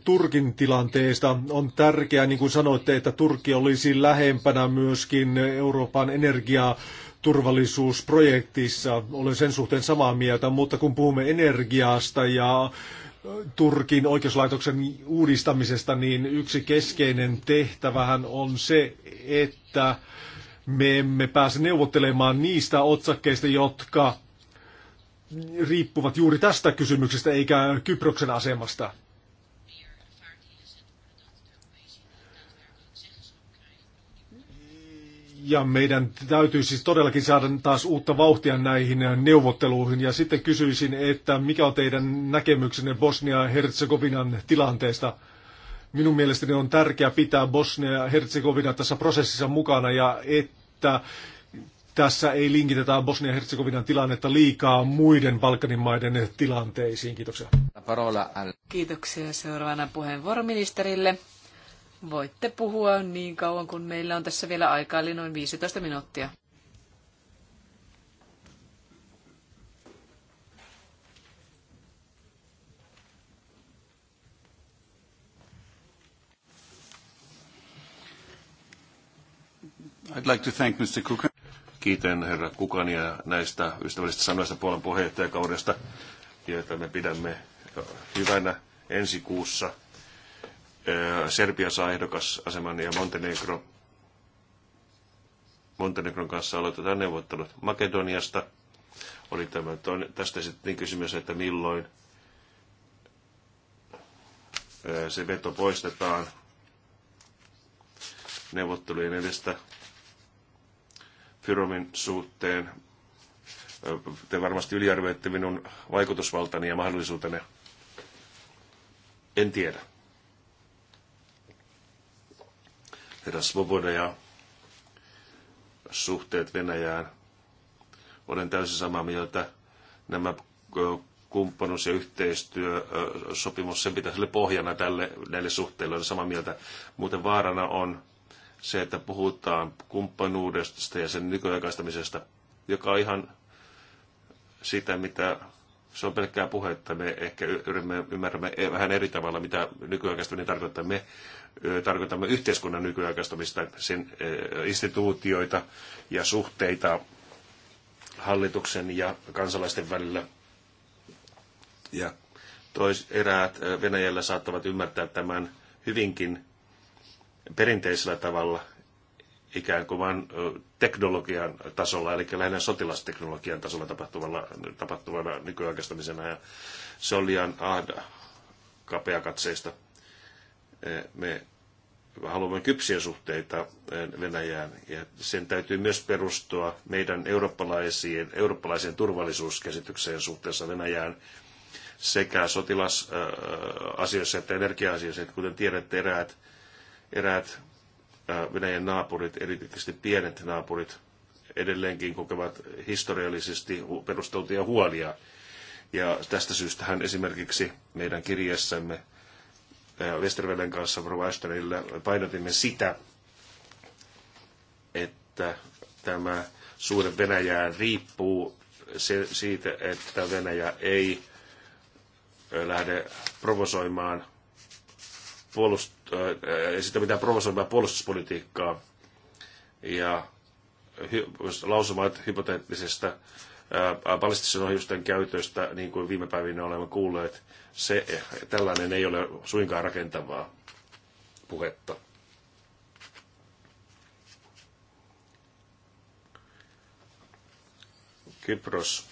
Turkin tilanteesta on tärkeää, niin kuin sanoitte, että Turkki olisi lähempänä myöskin Euroopan energiaa turvallisuusprojektissa. Olen sen suhteen samaa mieltä, mutta kun puhumme energiasta ja äh, Turkin oikeuslaitoksen uudistamisesta, niin yksi keskeinen tehtävähän on se, että me emme pääse neuvottelemaan niistä otsakkeista, jotka riippuvat juuri tästä kysymyksestä eikä Kyproksen asemasta. Ja meidän täytyy siis todellakin saada taas uutta vauhtia näihin neuvotteluihin. Ja sitten kysyisin, että mikä on teidän näkemyksenne Bosnia-Herzegovinan tilanteesta? Minun mielestäni on tärkeää pitää Bosnia-Herzegovina tässä prosessissa mukana ja että tässä ei linkitetä Bosnia-Herzegovinan tilannetta liikaa muiden Balkanin maiden tilanteisiin. Kiitoksia. Kiitoksia seuraavana puheenvuoroministerille. Voitte puhua niin kauan kuin meillä on tässä vielä aikaa, eli noin 15 minuuttia. I'd like to thank Mr. Cook. Kiitän herra Kukania näistä ystävällisistä sanoista Puolan puheenjohtajakaudesta, joita me pidämme hyvänä ensi kuussa. Äh, Serbia saa aseman ja Montenegro. Montenegron kanssa aloitetaan neuvottelut Makedoniasta. Oli tämä toinen, tästä sitten kysymys, että milloin äh, se veto poistetaan neuvottelujen edestä Fyromin suhteen. Te varmasti yliarvioitte minun vaikutusvaltani ja mahdollisuuteni. En tiedä. Herra Svoboda ja suhteet Venäjään. Olen täysin samaa mieltä. Nämä kumppanuus- ja yhteistyösopimus, sen pitäisi olla pohjana tälle, näille suhteille, olen samaa mieltä. Muuten vaarana on, se, että puhutaan kumppanuudesta ja sen nykyaikaistamisesta, joka on ihan sitä, mitä se on pelkkää puhetta. Me ehkä yrimme, ymmärrämme e- vähän eri tavalla, mitä nykyaikaistaminen tarkoittaa. Me tarkoitamme yhteiskunnan nykyaikaistamista, sen instituutioita ja suhteita hallituksen ja kansalaisten välillä. Ja tois eräät Venäjällä saattavat ymmärtää tämän hyvinkin perinteisellä tavalla ikään kuin vain teknologian tasolla, eli lähinnä sotilasteknologian tasolla tapahtuvana, tapahtuvana nykyaikaistamisena, ja se on liian ahda, katseista. E, me haluamme kypsiä suhteita e, Venäjään, ja sen täytyy myös perustua meidän eurooppalaisiin, eurooppalaisiin turvallisuuskäsitykseen suhteessa Venäjään, sekä sotilasasioissa että energia-asioissa, kuten tiedätte, eräät eräät Venäjän naapurit, erityisesti pienet naapurit, edelleenkin kokevat historiallisesti perusteltuja huolia. Ja tästä syystähän esimerkiksi meidän kirjassamme Westervelen kanssa Provasterille painotimme sitä, että tämä suhde Venäjään riippuu siitä, että Venäjä ei lähde provosoimaan puolust- ei sitä mitään provosoivaa puolustuspolitiikkaa. Ja lausumat hypoteettisesta balistisen ohjusten käytöstä, niin kuin viime päivinä olemme kuulleet, se, tällainen ei ole suinkaan rakentavaa puhetta. Kypros.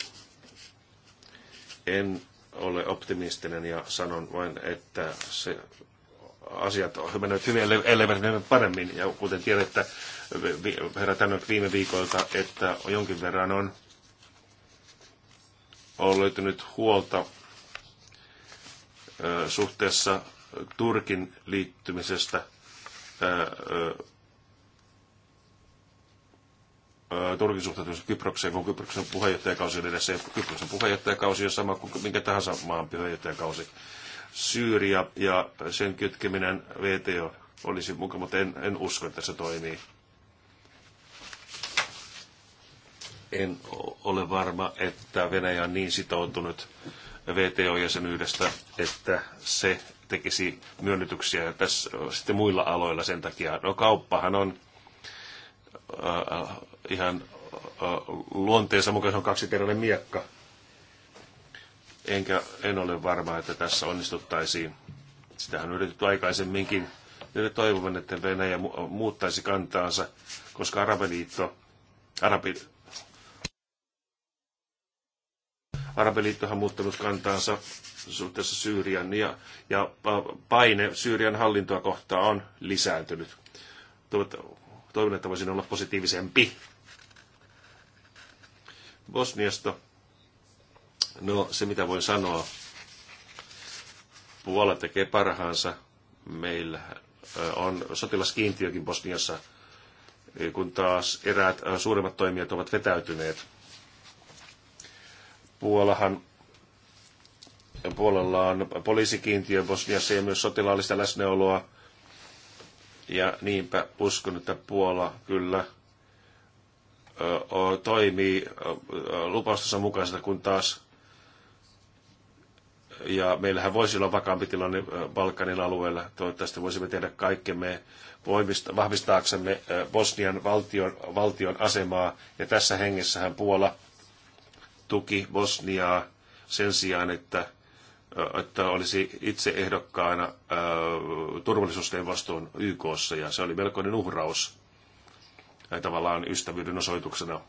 En ole optimistinen ja sanon vain, että se asiat menevät hyvin, ellei menevät paremmin. Ja kuten tiedätte, herra Tänök viime viikolta, että jonkin verran on, on löytynyt huolta suhteessa Turkin liittymisestä Turkin suhtautumisen Kyprokseen, kun Kyproksen puheenjohtajakausi on edessä, ja Kyproksen puheenjohtajakausi on sama kuin minkä tahansa maan puheenjohtajakausi. Syyria ja sen kytkeminen VTO olisi mukava, mutta en, en usko, että se toimii. En ole varma, että Venäjä on niin sitoutunut VTO-jäsenyydestä, että se tekisi myönnytyksiä tässä sitten muilla aloilla sen takia. No kauppahan on äh, äh ihan äh, luonteensa mukaan se on kaksiteräinen miekka enkä en ole varma, että tässä onnistuttaisiin. Sitähän on yritetty aikaisemminkin. Nyt toivon, että Venäjä muuttaisi kantaansa, koska Arabiliitto, Arabi, Arabiliittohan muuttanut kantaansa suhteessa Syyrian ja, ja paine Syyrian hallintoa kohtaan on lisääntynyt. Toivon, että voisin olla positiivisempi. Bosniasta No, se mitä voin sanoa, Puola tekee parhaansa. Meillä on sotilaskiintiökin Bosniassa, kun taas eräät suuremmat toimijat ovat vetäytyneet. Puolahan Puolalla on poliisikiintiö Bosniassa ja myös sotilaallista läsnäoloa. Ja niinpä uskon, että Puola kyllä toimii lupaustensa mukaisesti, kun taas ja meillähän voisi olla vakaampi tilanne Balkanin alueella. Toivottavasti voisimme tehdä kaikkemme vahvistaaksemme Bosnian valtion, valtion asemaa. Ja tässä hengessähän Puola tuki Bosniaa sen sijaan, että, että olisi itse ehdokkaana turvallisuusneuvoston YKssa. Ja se oli melkoinen uhraus tavallaan ystävyyden osoituksena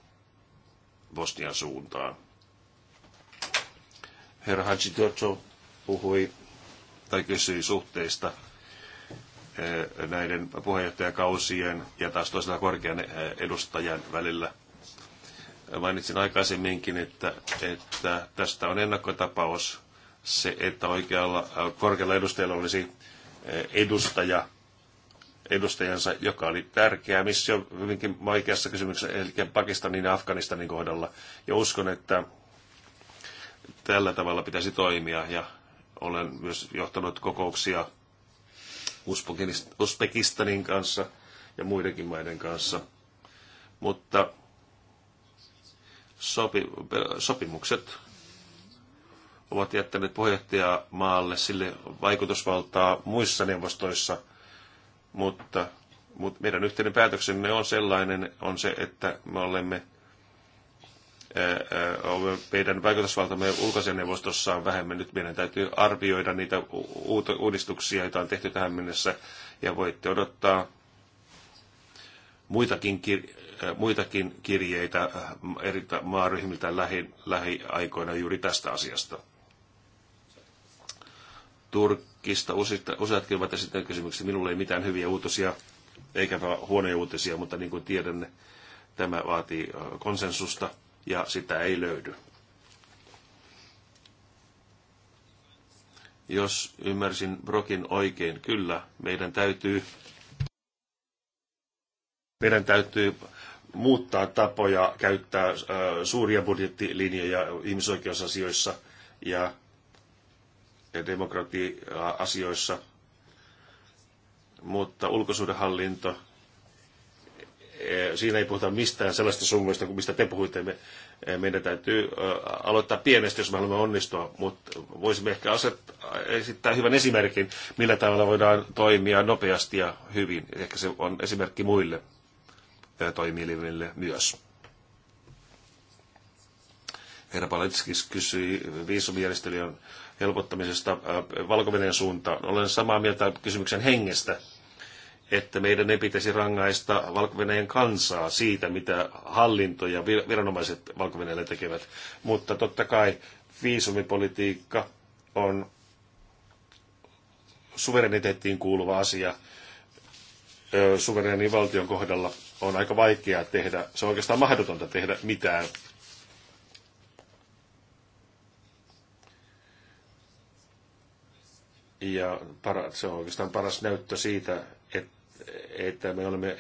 Bosnian suuntaan. Herra Hansi Giorgio puhui tai kysyi suhteista eh, näiden puheenjohtajakausien ja taas toisella korkean eh, edustajan välillä. Mainitsin aikaisemminkin, että, että tästä on ennakkotapaus se, että oikealla eh, korkealla edustajalla olisi edustaja, edustajansa, joka oli tärkeä missio hyvinkin vaikeassa kysymyksessä, eli Pakistanin ja Afganistanin kohdalla. Ja uskon, että tällä tavalla pitäisi toimia ja olen myös johtanut kokouksia Uzbekistanin kanssa ja muidenkin maiden kanssa. Mutta sopi, sopimukset ovat jättäneet maalle sille vaikutusvaltaa muissa neuvostoissa, mutta, mutta meidän yhteinen päätöksemme on sellainen, on se, että me olemme meidän vaikutusvaltamme ulkoasianneuvostossa on vähemmän. Nyt meidän täytyy arvioida niitä uudistuksia, joita on tehty tähän mennessä, ja voitte odottaa muitakin, kir- muitakin kirjeitä eri maaryhmiltä lähi- lähiaikoina juuri tästä asiasta. Turkista useat, useatkin ovat esittäneet kysymyksiä. Minulle ei mitään hyviä uutisia, eikä huonoja uutisia, mutta niin kuin tiedän, tämä vaatii konsensusta – ja sitä ei löydy. Jos ymmärsin Brokin oikein, kyllä, meidän täytyy, meidän täytyy muuttaa tapoja käyttää suuria budjettilinjoja ihmisoikeusasioissa ja demokratia-asioissa, mutta ulkosuudenhallinto Eh, siinä ei puhuta mistään sellaista summasta kuin mistä te puhuitte. Eh, meidän täytyy eh, aloittaa pienestä, jos me haluamme onnistua, mutta voisimme ehkä asettaa, esittää hyvän esimerkin, millä tavalla voidaan toimia nopeasti ja hyvin. Ehkä se on esimerkki muille toimielimille myös. Herra Paletskis kysyi viisumijärjestelyjen helpottamisesta valko suuntaan. Olen samaa mieltä kysymyksen hengestä että meidän ei pitäisi rangaista valko kansaa siitä, mitä hallinto ja viranomaiset valko tekevät. Mutta totta kai viisumipolitiikka on suvereniteettiin kuuluva asia suverenin valtion kohdalla on aika vaikeaa tehdä, se on oikeastaan mahdotonta tehdä mitään. Ja para, se on oikeastaan paras näyttö siitä, että me olemme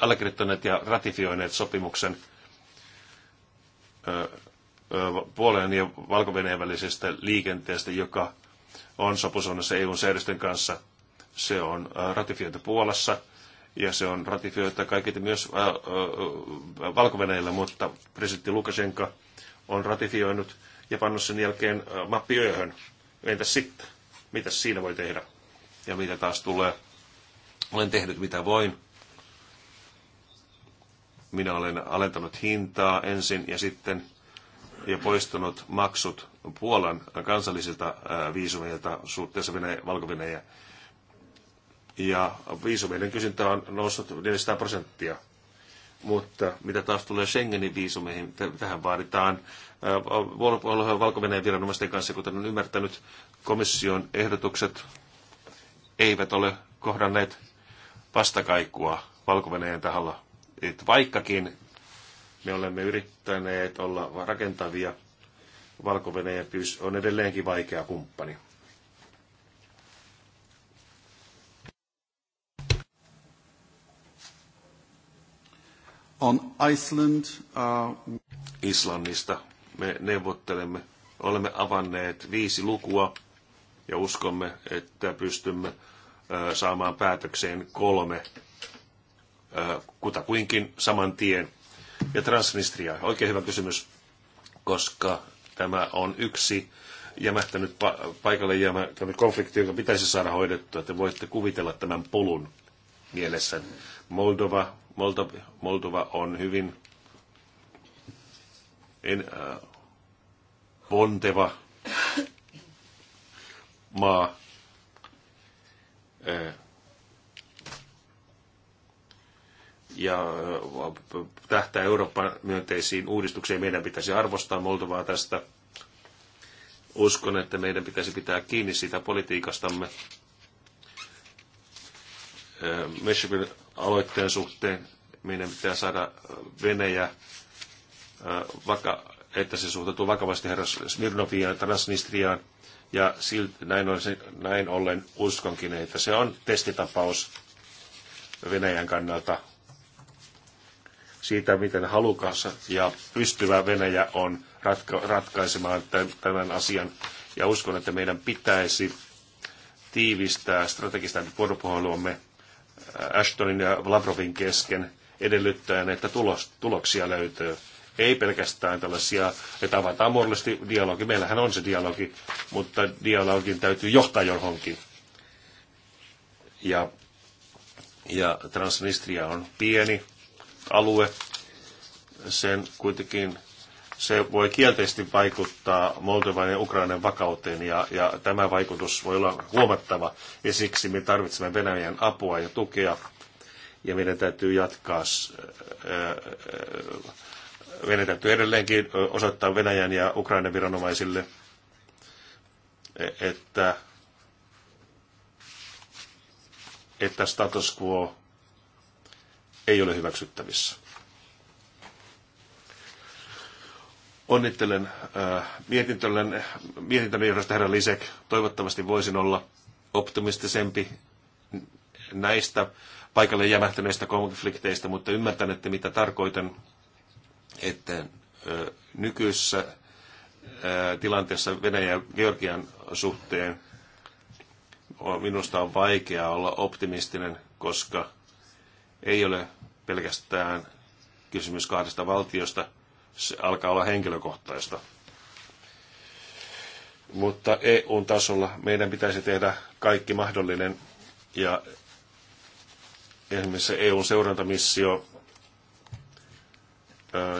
allekirjoittaneet ja ratifioineet sopimuksen Puolen ja valko välisestä liikenteestä, joka on sopusuunnassa EUn säädösten kanssa. Se on ratifioitu Puolassa ja se on ratifioitu kaikille myös valko mutta presidentti Lukashenka on ratifioinut ja pannut sen jälkeen mappiööhön. Entäs sitten? Mitä siinä voi tehdä? Ja mitä taas tulee olen tehnyt mitä voin. Minä olen alentanut hintaa ensin ja sitten ja poistunut maksut Puolan kansallisilta viisumeilta suhteessa valko -Venäjä. Ja viisumeiden kysyntä on noussut 400 prosenttia. Mutta mitä taas tulee Schengenin viisumeihin, tähän vaaditaan valko viranomaisten kanssa, kuten on ymmärtänyt, komission ehdotukset eivät ole kohdanneet vastakaikua valko taholla. Et vaikkakin me olemme yrittäneet olla rakentavia, valko on edelleenkin vaikea kumppani. On Iceland, uh... Islannista me neuvottelemme. Olemme avanneet viisi lukua ja uskomme, että pystymme saamaan päätökseen kolme kutakuinkin saman tien. Ja Transnistria, oikein hyvä kysymys, koska tämä on yksi jämähtänyt pa- paikalle jäämähtänyt konflikti, joka pitäisi saada hoidettua. Te voitte kuvitella tämän polun mielessä. Moldova, Moldova, Moldova on hyvin en, äh, ponteva maa, ja tähtää Euroopan myönteisiin uudistuksiin. Meidän pitäisi arvostaa Moldovaa tästä. Uskon, että meidän pitäisi pitää kiinni siitä politiikastamme Meshevin aloitteen suhteen. Meidän pitää saada Venäjä, että se suhtautuu vakavasti herra Smirnoviaan ja Transnistriaan ja silti, näin, on näin ollen uskonkin, että se on testitapaus Venäjän kannalta siitä, miten halukas ja pystyvä Venäjä on ratka- ratkaisemaan tämän asian. Ja uskon, että meidän pitäisi tiivistää strategista vuoropuheluamme äh, Ashtonin ja Lavrovin kesken edellyttäen, että tulos, tuloksia löytyy. Ei pelkästään tällaisia, että avataan muodollisesti dialogi. Meillähän on se dialogi, mutta dialogin täytyy johtaa johonkin. Ja, ja Transnistria on pieni alue. Sen kuitenkin se voi kielteisesti vaikuttaa Moldovan ja Ukrainan vakauteen ja, ja tämä vaikutus voi olla huomattava ja siksi me tarvitsemme Venäjän apua ja tukea ja meidän täytyy jatkaa meidän täytyy edelleenkin osoittaa Venäjän ja Ukrainan viranomaisille, e, että, että status quo ei ole hyväksyttävissä. Onnittelen äh, mietintöni johdosta herra Lisek. Toivottavasti voisin olla optimistisempi näistä paikalle jämähtäneistä konflikteista, mutta ymmärtän, että mitä tarkoitan että nykyisessä tilanteessa Venäjän ja Georgian suhteen minusta on vaikea olla optimistinen, koska ei ole pelkästään kysymys kahdesta valtiosta, se alkaa olla henkilökohtaista. Mutta EU-tasolla meidän pitäisi tehdä kaikki mahdollinen ja esimerkiksi eu seurantamissio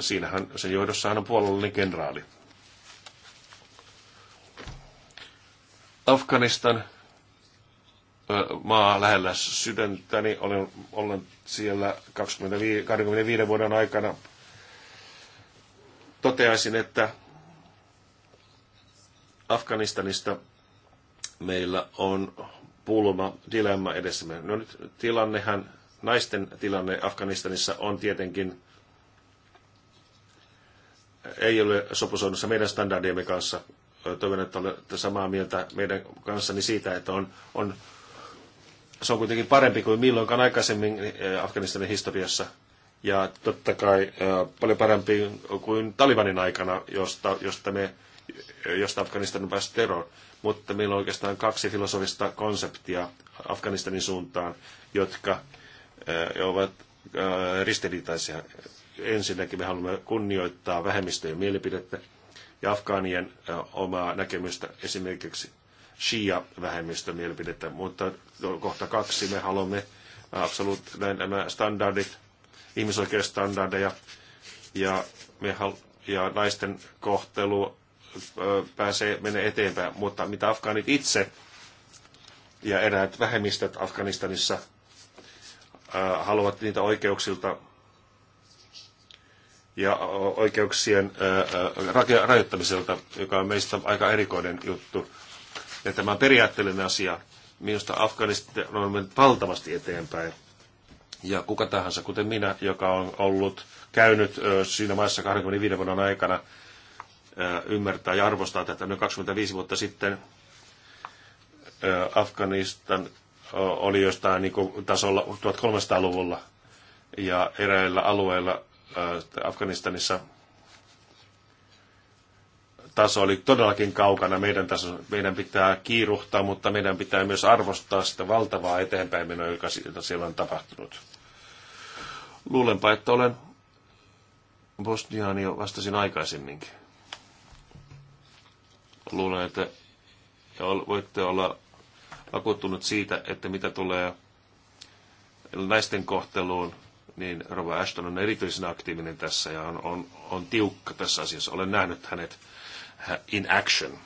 siinähän sen hän on puolueellinen kenraali. Afganistan, maa lähellä sydäntäni, niin olen ollut siellä 25, 25 vuoden aikana. Toteaisin, että Afganistanista meillä on pulma, dilemma edessämme. No nyt tilannehan, naisten tilanne Afganistanissa on tietenkin ei ole sopusoinnussa meidän standardiemme kanssa. Toivon, että olette samaa mieltä meidän kanssani siitä, että on, on, se on kuitenkin parempi kuin milloinkaan aikaisemmin eh, Afganistanin historiassa. Ja totta kai paljon parempi kuin Talibanin aikana, josta, josta, me, josta Afganistan pääsi eroon. Mutta meillä on oikeastaan kaksi filosofista konseptia Afganistanin suuntaan, jotka ovat ristiriitaisia. Ensinnäkin me haluamme kunnioittaa vähemmistöjen mielipidettä ja afgaanien omaa näkemystä, esimerkiksi Shia-vähemmistön mielipidettä, mutta kohta kaksi me haluamme absoluut nämä standardit, ihmisoikeusstandardeja ja, me hal- ja naisten kohtelu pääsee menee eteenpäin, mutta mitä afgaanit itse ja eräät vähemmistöt Afganistanissa haluavat niitä oikeuksilta ja oikeuksien rajoittamiselta, joka on meistä aika erikoinen juttu. Ja tämä on periaatteellinen asia. Minusta Afganistan on mennyt valtavasti eteenpäin. Ja kuka tahansa, kuten minä, joka on ollut käynyt siinä maassa 25 vuoden aikana, ymmärtää ja arvostaa tätä. Noin 25 vuotta sitten Afganistan oli jostain niin kuin tasolla 1300-luvulla ja eräillä alueilla Afganistanissa taso oli todellakin kaukana. Meidän, taso, meidän pitää kiiruhtaa, mutta meidän pitää myös arvostaa sitä valtavaa eteenpäinmenoa, joka siellä on tapahtunut. Luulenpa, että olen Bosniaan jo vastasin aikaisemminkin. Luulen, että voitte olla vakuuttunut siitä, että mitä tulee naisten kohteluun niin Rova Ashton on erityisen aktiivinen tässä ja on, on, on tiukka tässä asiassa. Olen nähnyt hänet in action.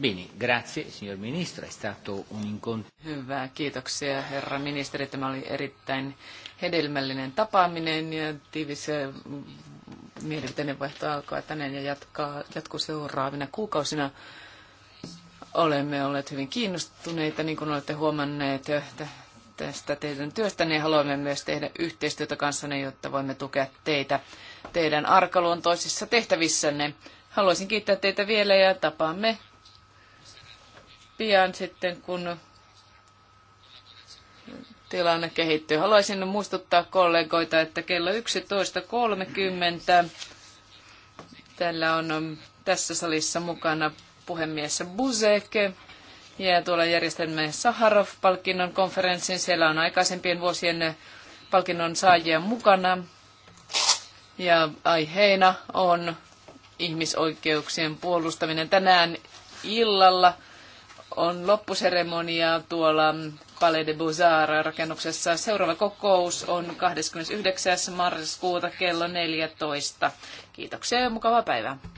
Bene, grazie signor Ministro, è stato un incontro. Hyvä, kiitoksia herra ministeri. Tämä oli erittäin hedelmällinen tapaaminen ja tiivis mielipiteinen vaihto alkoi tänään ja jatkaa, jatkuu seuraavina kuukausina. Olemme olleet hyvin kiinnostuneita, niin kuin olette huomanneet eh, tästä teidän työstä, niin haluamme myös tehdä yhteistyötä kanssanne, jotta voimme tukea teitä teidän arkaluontoisissa tehtävissänne. Haluaisin kiittää teitä vielä ja tapaamme pian sitten, kun tilanne kehittyy. Haluaisin muistuttaa kollegoita, että kello 11.30 tällä on mm, tässä salissa mukana puhemies Buzek ja tuolla järjestämme Saharov-palkinnon konferenssin. Siellä on aikaisempien vuosien palkinnon saajia mukana ja aiheena on ihmisoikeuksien puolustaminen. Tänään illalla on loppuseremonia tuolla Palais de beaux rakennuksessa. Seuraava kokous on 29. marraskuuta kello 14. Kiitoksia ja mukavaa päivää.